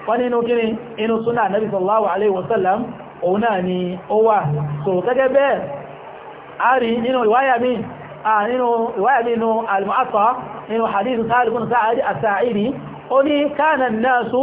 wọ́n nínú kíni inú súnà Nabi sallallahu alaihi wasallam òun náà ni ó wà so gẹ́gẹ́ bẹ́ẹ̀ a rí nínú ìwáyà mi nínú ìwáyà mi nínú al-Mu'atta nínú hadithu Sahal bin Sa'id as-Sa'idi ó ní kana an-nasu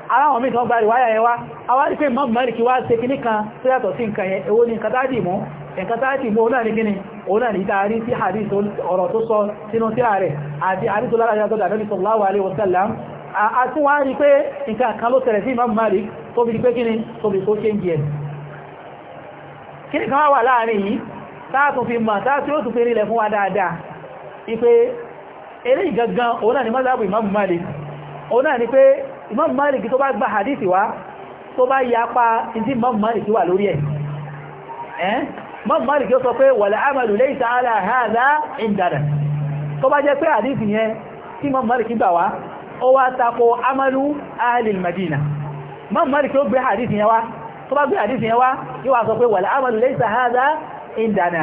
aláwọn mìí tán gba ìwáyà yẹn wá awárí pé mọ́ mẹ́rìkì wá ṣe kìní kan tó yàtọ̀ sí nǹkan yẹn èwo ni nǹkan táàdì mú nǹkan táàdì mú òun náà ní kíni òun náà ní ìtaàrí sí hadith ọ̀rọ̀ tó sọ sínú a tún wá rí pé nǹkan kan ló tẹ̀rẹ̀ sí Imam Malik tó bí pé kíni tó bí tó ṣéǹjì ẹ̀ kíni kan wà láàrin yìí táàtún fi mọ̀ táàtí ó tún fi rí lẹ̀ fún wa dáadáa ipé eré ìgangan òun náà ni mọ́sáàbù Imam Malik tó bá gba hadith wá tó bá yapa tí Imam Malik wà lórí ẹ̀ Imam Malik yóò sọ pé wal amalu laysa ala hadha indana tó bá jẹ́ pé hadith yẹn tí Imam Malik gbà wá ó wá tako amalu ahlil madina Imam Malik yóò gbé hadith yẹn wá tó bá gbé hadith yẹn wá yóò sọ pé wal amalu laysa hadha indana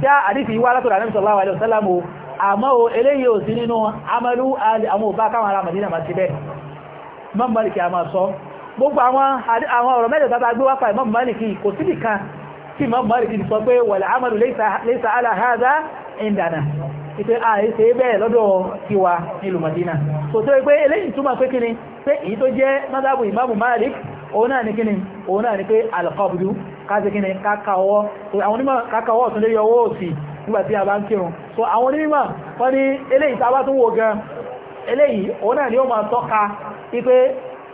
tí hadith yìí wá látọ̀rọ̀ àmọ́ eléyìí ò sí nínú amalu àwọn òbá káwọn ará madina ma bẹ́ẹ̀ Imam Malik a máa sọ gbogbo àwọn ọ̀rọ̀ mẹ́jọ tàbí agbé wáfà Imam Malik kò sí nìkan tí Imam Malik sọ pé wal amalu laysa ala hadha indana ìpé àìsè bẹ́ẹ̀ lọ́dọ̀ tiwa nílùú Madina so tó pé eléyìí túmọ̀ pé kíni pé èyí tó jẹ́ mọ́sáàbù Imam Malik òun náà ni kíni òun náà ni pé alqabdu káàkiri kíni kákàwọ́ àwọn onímọ̀ kákàwọ́ ọ̀tún lè yọ owó òsì nígbàtí a bá ń kírun so àwọn onímọ̀ wọ́n ní eléyìí tàbá tún wò gan eléyìí òun náà ni ó máa tọ́ka wípé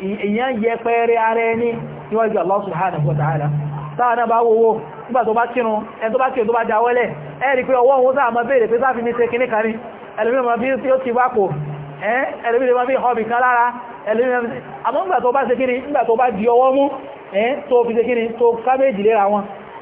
èyàn yẹpẹrẹ ara ẹni níwájú Allah subhanahu wa ta'ala sáàdá bá wówó nígbà tó bá kírun ẹn tó bá kírun tó bá jáwọ́lẹ̀ ẹ̀rí pé ọwọ́ òun sáà mọ́ bèèrè pé sáàfi ní ṣe kíní ní ẹlòmíràn bí ti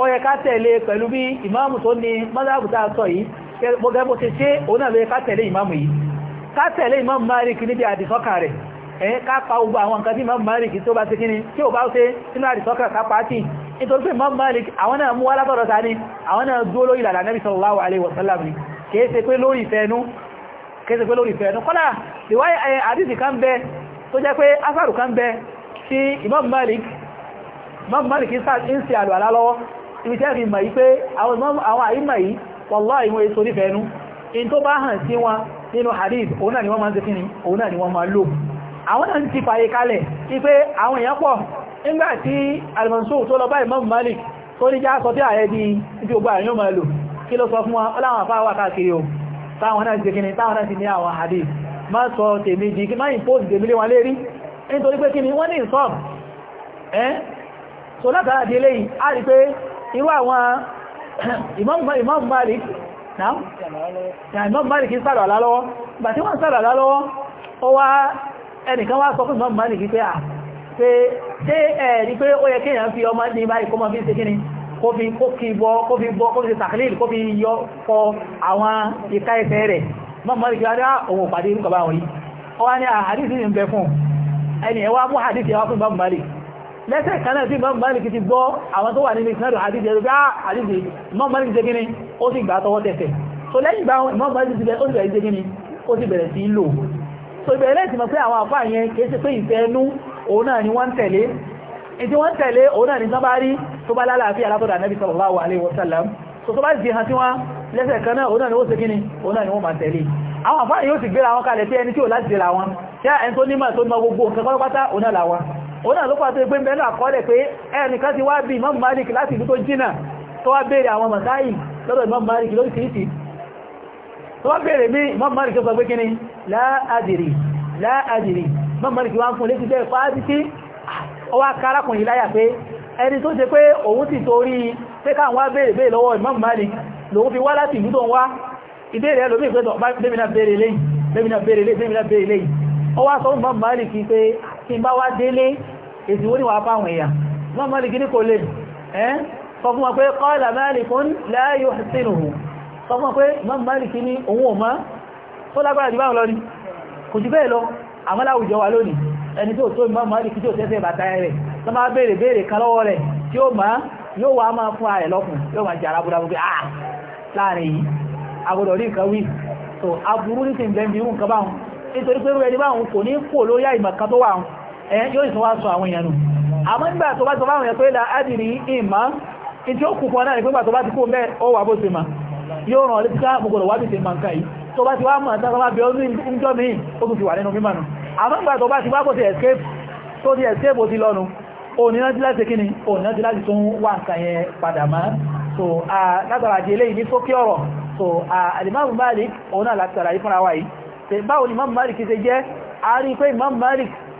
ó yẹ ká tẹ̀lé pẹ̀lú bí ìmáàmù tó ní mọ́sáàbù tá a sọ yìí gbogbo bó ti ṣe òun náà ló yẹ ká tẹ̀lé ìmáàmù yìí ká tẹ̀lé ìmáàmù Malik níbi àdìsọ́kà rẹ̀ ẹ̀ ká pa gbogbo àwọn nǹkan tí ìmáàmù Malik ni tí ò bá ṣe nínú àdìsọ́kà ká pa á tì nítorí pé ìmáàmù Malik àwọn náà mú Nabi sallallahu alaihi wasallam ni kìí ṣe pé lórí ìfẹ́ẹnú kìí ṣe pé lórí ìfẹ́ẹnú kọ́lá ìwáyé àdìsì kan bẹ tó jẹ́ pé asàrù kan bẹ tí Imam Malik Imam Malik ń sí àlùwàlá lọ́wọ́ ibi tẹ́ fi mọ̀ yí pé àwọn àìmọ̀ yìí wallahi ìwọ̀n èso nífẹ̀ẹ́ ẹnu in tó bá hàn sí wọn nínú hadith òun náà ni wọ́n máa ń ṣe kíni òun náà ni wọ́n máa lò àwọn náà ti fàyè kalẹ̀ sí pé àwọn èèyàn pọ̀ nígbàtí tó lọ bá Imam Malik tó ní já sọ tí ààrẹ ibi ogbà irú àwọn Imam Malik náà Imam Malik ń sàrọ̀ alálọ́wọ́ bà tí wọ́n sàrọ̀ alálọ́wọ́ ó wá ẹnìkan wá sọ fún Imam Malik pé à ah, pé ṣé ẹ̀rí pé ó yẹ kéèyàn fi ọmọ ní báyìí kó mọ́ fi ṣe kíni kó fi kó fi bọ́ kó fi bọ́ kó fi sàkílìl kó fi yọ fọ àwọn ìka ẹsẹ̀ rẹ̀ Imam Malik wá ní ah, òun pàdé irú kàbáwọn yìí ó wá ní àhàdìsí ah, ń bẹ fún ẹni ẹwà mú àhàdìsí ẹwà fún Imam lẹ́sẹ̀ kanáà tí mọ́ mọ́lìkì ti gbọ́ àwọn tó wà nínú ìsinmi àdíjì ẹ̀rọ bá àdíjì mọ́ mọ́lìkì jẹ́ gíní ó sì gbà tọwọ́ tẹ̀tẹ̀ so lẹ́yìn bá mọ́ mọ́lìkì ti bẹ̀rẹ̀ jẹ́ gíní ó sì bẹ̀rẹ̀ sí lò so ìbẹ̀rẹ̀ lẹ́sì mọ̀ pé àwọn àpá yẹn kìí ṣe pé ìfẹ́ ẹnu òun náà ni wọ́n tẹ̀lé ìdí wọ́n tẹ̀lé òun náà ni sán bá rí tó bá lálàáfíà látọ̀dà nẹ́bí sallallahu alaihi wasallam so tó bá sì hàn tí wọ́n lẹ́sẹ̀ kan náà òun náà ni ó ṣe kíni òun náà ni wọ́n máa tẹ̀lé àwọn àpá yóò sì gbéra wọn kalẹ̀ tí ẹni tí ò láti dèrà wọn tí ẹni tó nímọ̀ tó mọ gbogbo nǹkan pátápátá òun náà làwọn ó náà ló pàtó n'akọ mẹ́lú àkọọ́lẹ̀ pé ẹnìkan ti wá bí Imam Malik láti ìlú tó jìnà tó wá béèrè àwọn mọ̀sáyì lọ́dọ̀ Imam Malik lórí tìítì tó wá béèrè mí Imam Malik sọ pé kíni la adri la Malik wá ń fún létí ti tí bá wá délé èsì wó ní wà fáwọn èèyàn mọ́ mọ́lìkì ní kò lè ẹ́n sọ fún wọn pé qala Malikun la yuhsinuhu sọ fún wọn pé mọ́ mọ́lìkì ní òun ò mọ́ tó lágbára yóò wá máa fún ààrẹ lọ́kùn yóò máa jẹ́ arábúrábú pé àà ah, láàrin yìí agbọ́dọ̀ rí nǹkan wí so aburú ní ti ń bẹ́ẹ̀ bí irú nítorí pé irú ẹni báwọn kò ní kò lórí àìmọ̀kan tó wà wọn yóò ìsọ wá sọ àwọn èèyàn nù àmọ́ nígbà tó bá sọ fáwọn èèyàn pé la adìrí ìmá tí ó kùkọ náà nígbà tó bá ti kó mẹ́ ó wà bó ṣe ma yóò ràn létí ká ah, gbogbo wá bí ṣe ma ń yìí tó bá ti wá mọ̀ tán bí ó ní ìjọ mi ó tún ti wà nínú mímọ̀ àmọ́ nígbà tó bá ti wá kó ti escape tó ti escape ó ti lọ́nu òní láti láti kíni òní láti láti tún wà so látara àti eléyìí ní sókè so alimamu Malik òun náà láti tara yìí fúnra wa yìí báwo ni Imam Malik ṣe jẹ́ a rí pé Imam Malik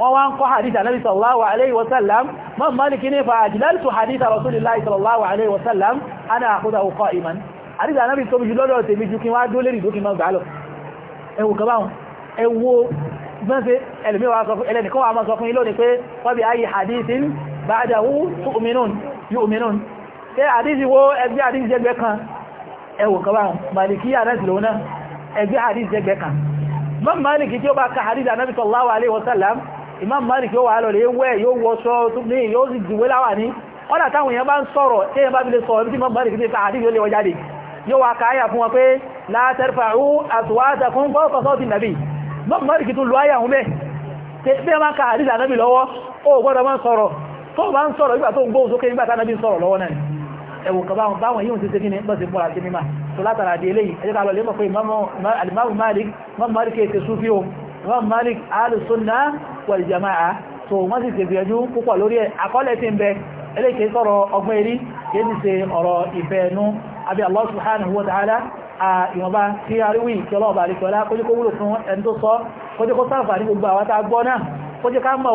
wọ́n wá ń kọ́ hadith anábi sallallahu alaihi wasallam man maliki ne fa ajilaltu hadith rasulillahi sallallahu alaihi wasallam ana àkúdà ọkọ̀ iman hadith anábi tó bíjú lọ́dọ̀ tèmi ju kí wá dó lérí dókí máa gbàálọ̀ ẹwù kabáhùn ẹwù gbọ́nse ẹlẹ́nìkan wà máa sọ fún ilé òní pé wọ́n bí ayé hadithin ba'dahu tu'minun yu'minun ṣe hadith wo ẹgbẹ́ hadith jẹgbẹ́ kan ẹwù kabáhùn malikiya náà sì lóun náà ẹgbẹ́ hadith jẹgbẹ́ kan mọ́ maliki tí ó bá ka hadith anábi sallallahu alaihi wasallam Imam Malik yóò wà lọ́lẹ̀ ewé yóò wọ́ṣọ́ tó ní yóò sì jùwé láwà ní ọ́nà táwọn èèyàn bá ń sọ̀rọ̀ tí èèyàn bá fi lè sọ̀rọ̀ ibi tí Imam Malik fi ta àdí yóò lè wọ́n jáde yóò wà káyà fún wọn pé la tarfa'u aswatakum fawqa sawti an-nabi Imam Malik tún lu ayà hun bẹ́ tí wọ́n ka àdí ìlànà lọ́wọ́ ó gbọ́dọ̀ máa ń sọ̀rọ̀ tó bá ń sọ̀rọ̀ nígbà tó ń gbóhùn sókè nígbà tá nàbí Imam Malik al-Sunnah wal Jama'ah so wọ́n sì tẹ̀gbìyànjú púpọ̀ lórí ẹ̀ àkọọ́lẹ̀ tí ń bẹ eléke sọ́rọ̀ ọgbọ́n erí kéèdì ṣe ọ̀rọ̀ ìfẹ́ ẹnu àbí Allah subhanahu wa ta'ala ìwọ̀nba tí a ríwì kí ọlọ́ọ̀bà àríkọ̀ọ́lá kójíkó wúlò fún ẹni tó sọ kójíkó sáfà ní gbogbo àwọn àgbọ́ náà kójí ká mọ̀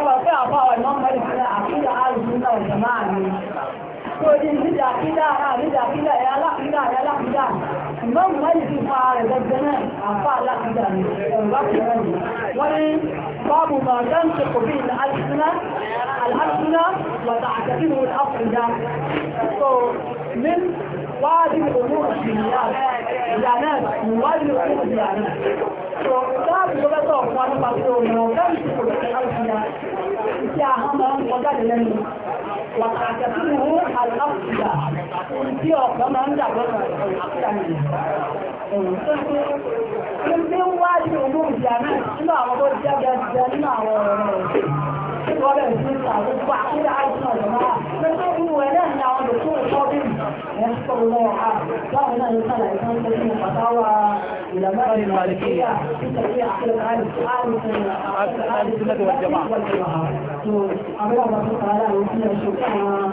Ọba fẹ́ àbá ọ̀rọ̀ ìmọ̀ mọ́lì fún àkídà àrùn náà jàmá mi. Tó di nídà àkídà ara nídà àkídà ẹ̀ alákídà ẹ̀ alákídà. Ìmọ̀ mọ́lì fi fa rẹ̀ gbẹgbẹ náà àfa alákídà mi. Ẹ̀rọ kìíní mi. Wọ́n ní báàbù máa dán ṣe kò bí ilẹ̀ alìsúná alìsúná wàtà àtẹ̀kínú àfìdá. So, min wáàdì òmùn ìyá náà wáàdì òmùn ìyá náà so láàbì tó bẹ́tọ̀ fún wa nípa tí ó mọ̀ lẹ́yìn tí kò lọ́tẹ̀ láti ya ìṣẹ́ àhán máa ń kọjá lè lẹ́nu wàtàkẹ́ tí mo mú àlàáfíà tí ọ̀pọ̀ máa ń dàgbọ́ Ilé wáàdì òmùn ìyá náà 多的欣赏，这寡妇的爱情什么？那对于我认呢，有做高定，也受落啊。让我们再来看这个马刀啊，你的那个马的呀，这个呀，这个爱情爱情啊，这个爱情那个什么？就阿弥陀佛，他那有些手段啊。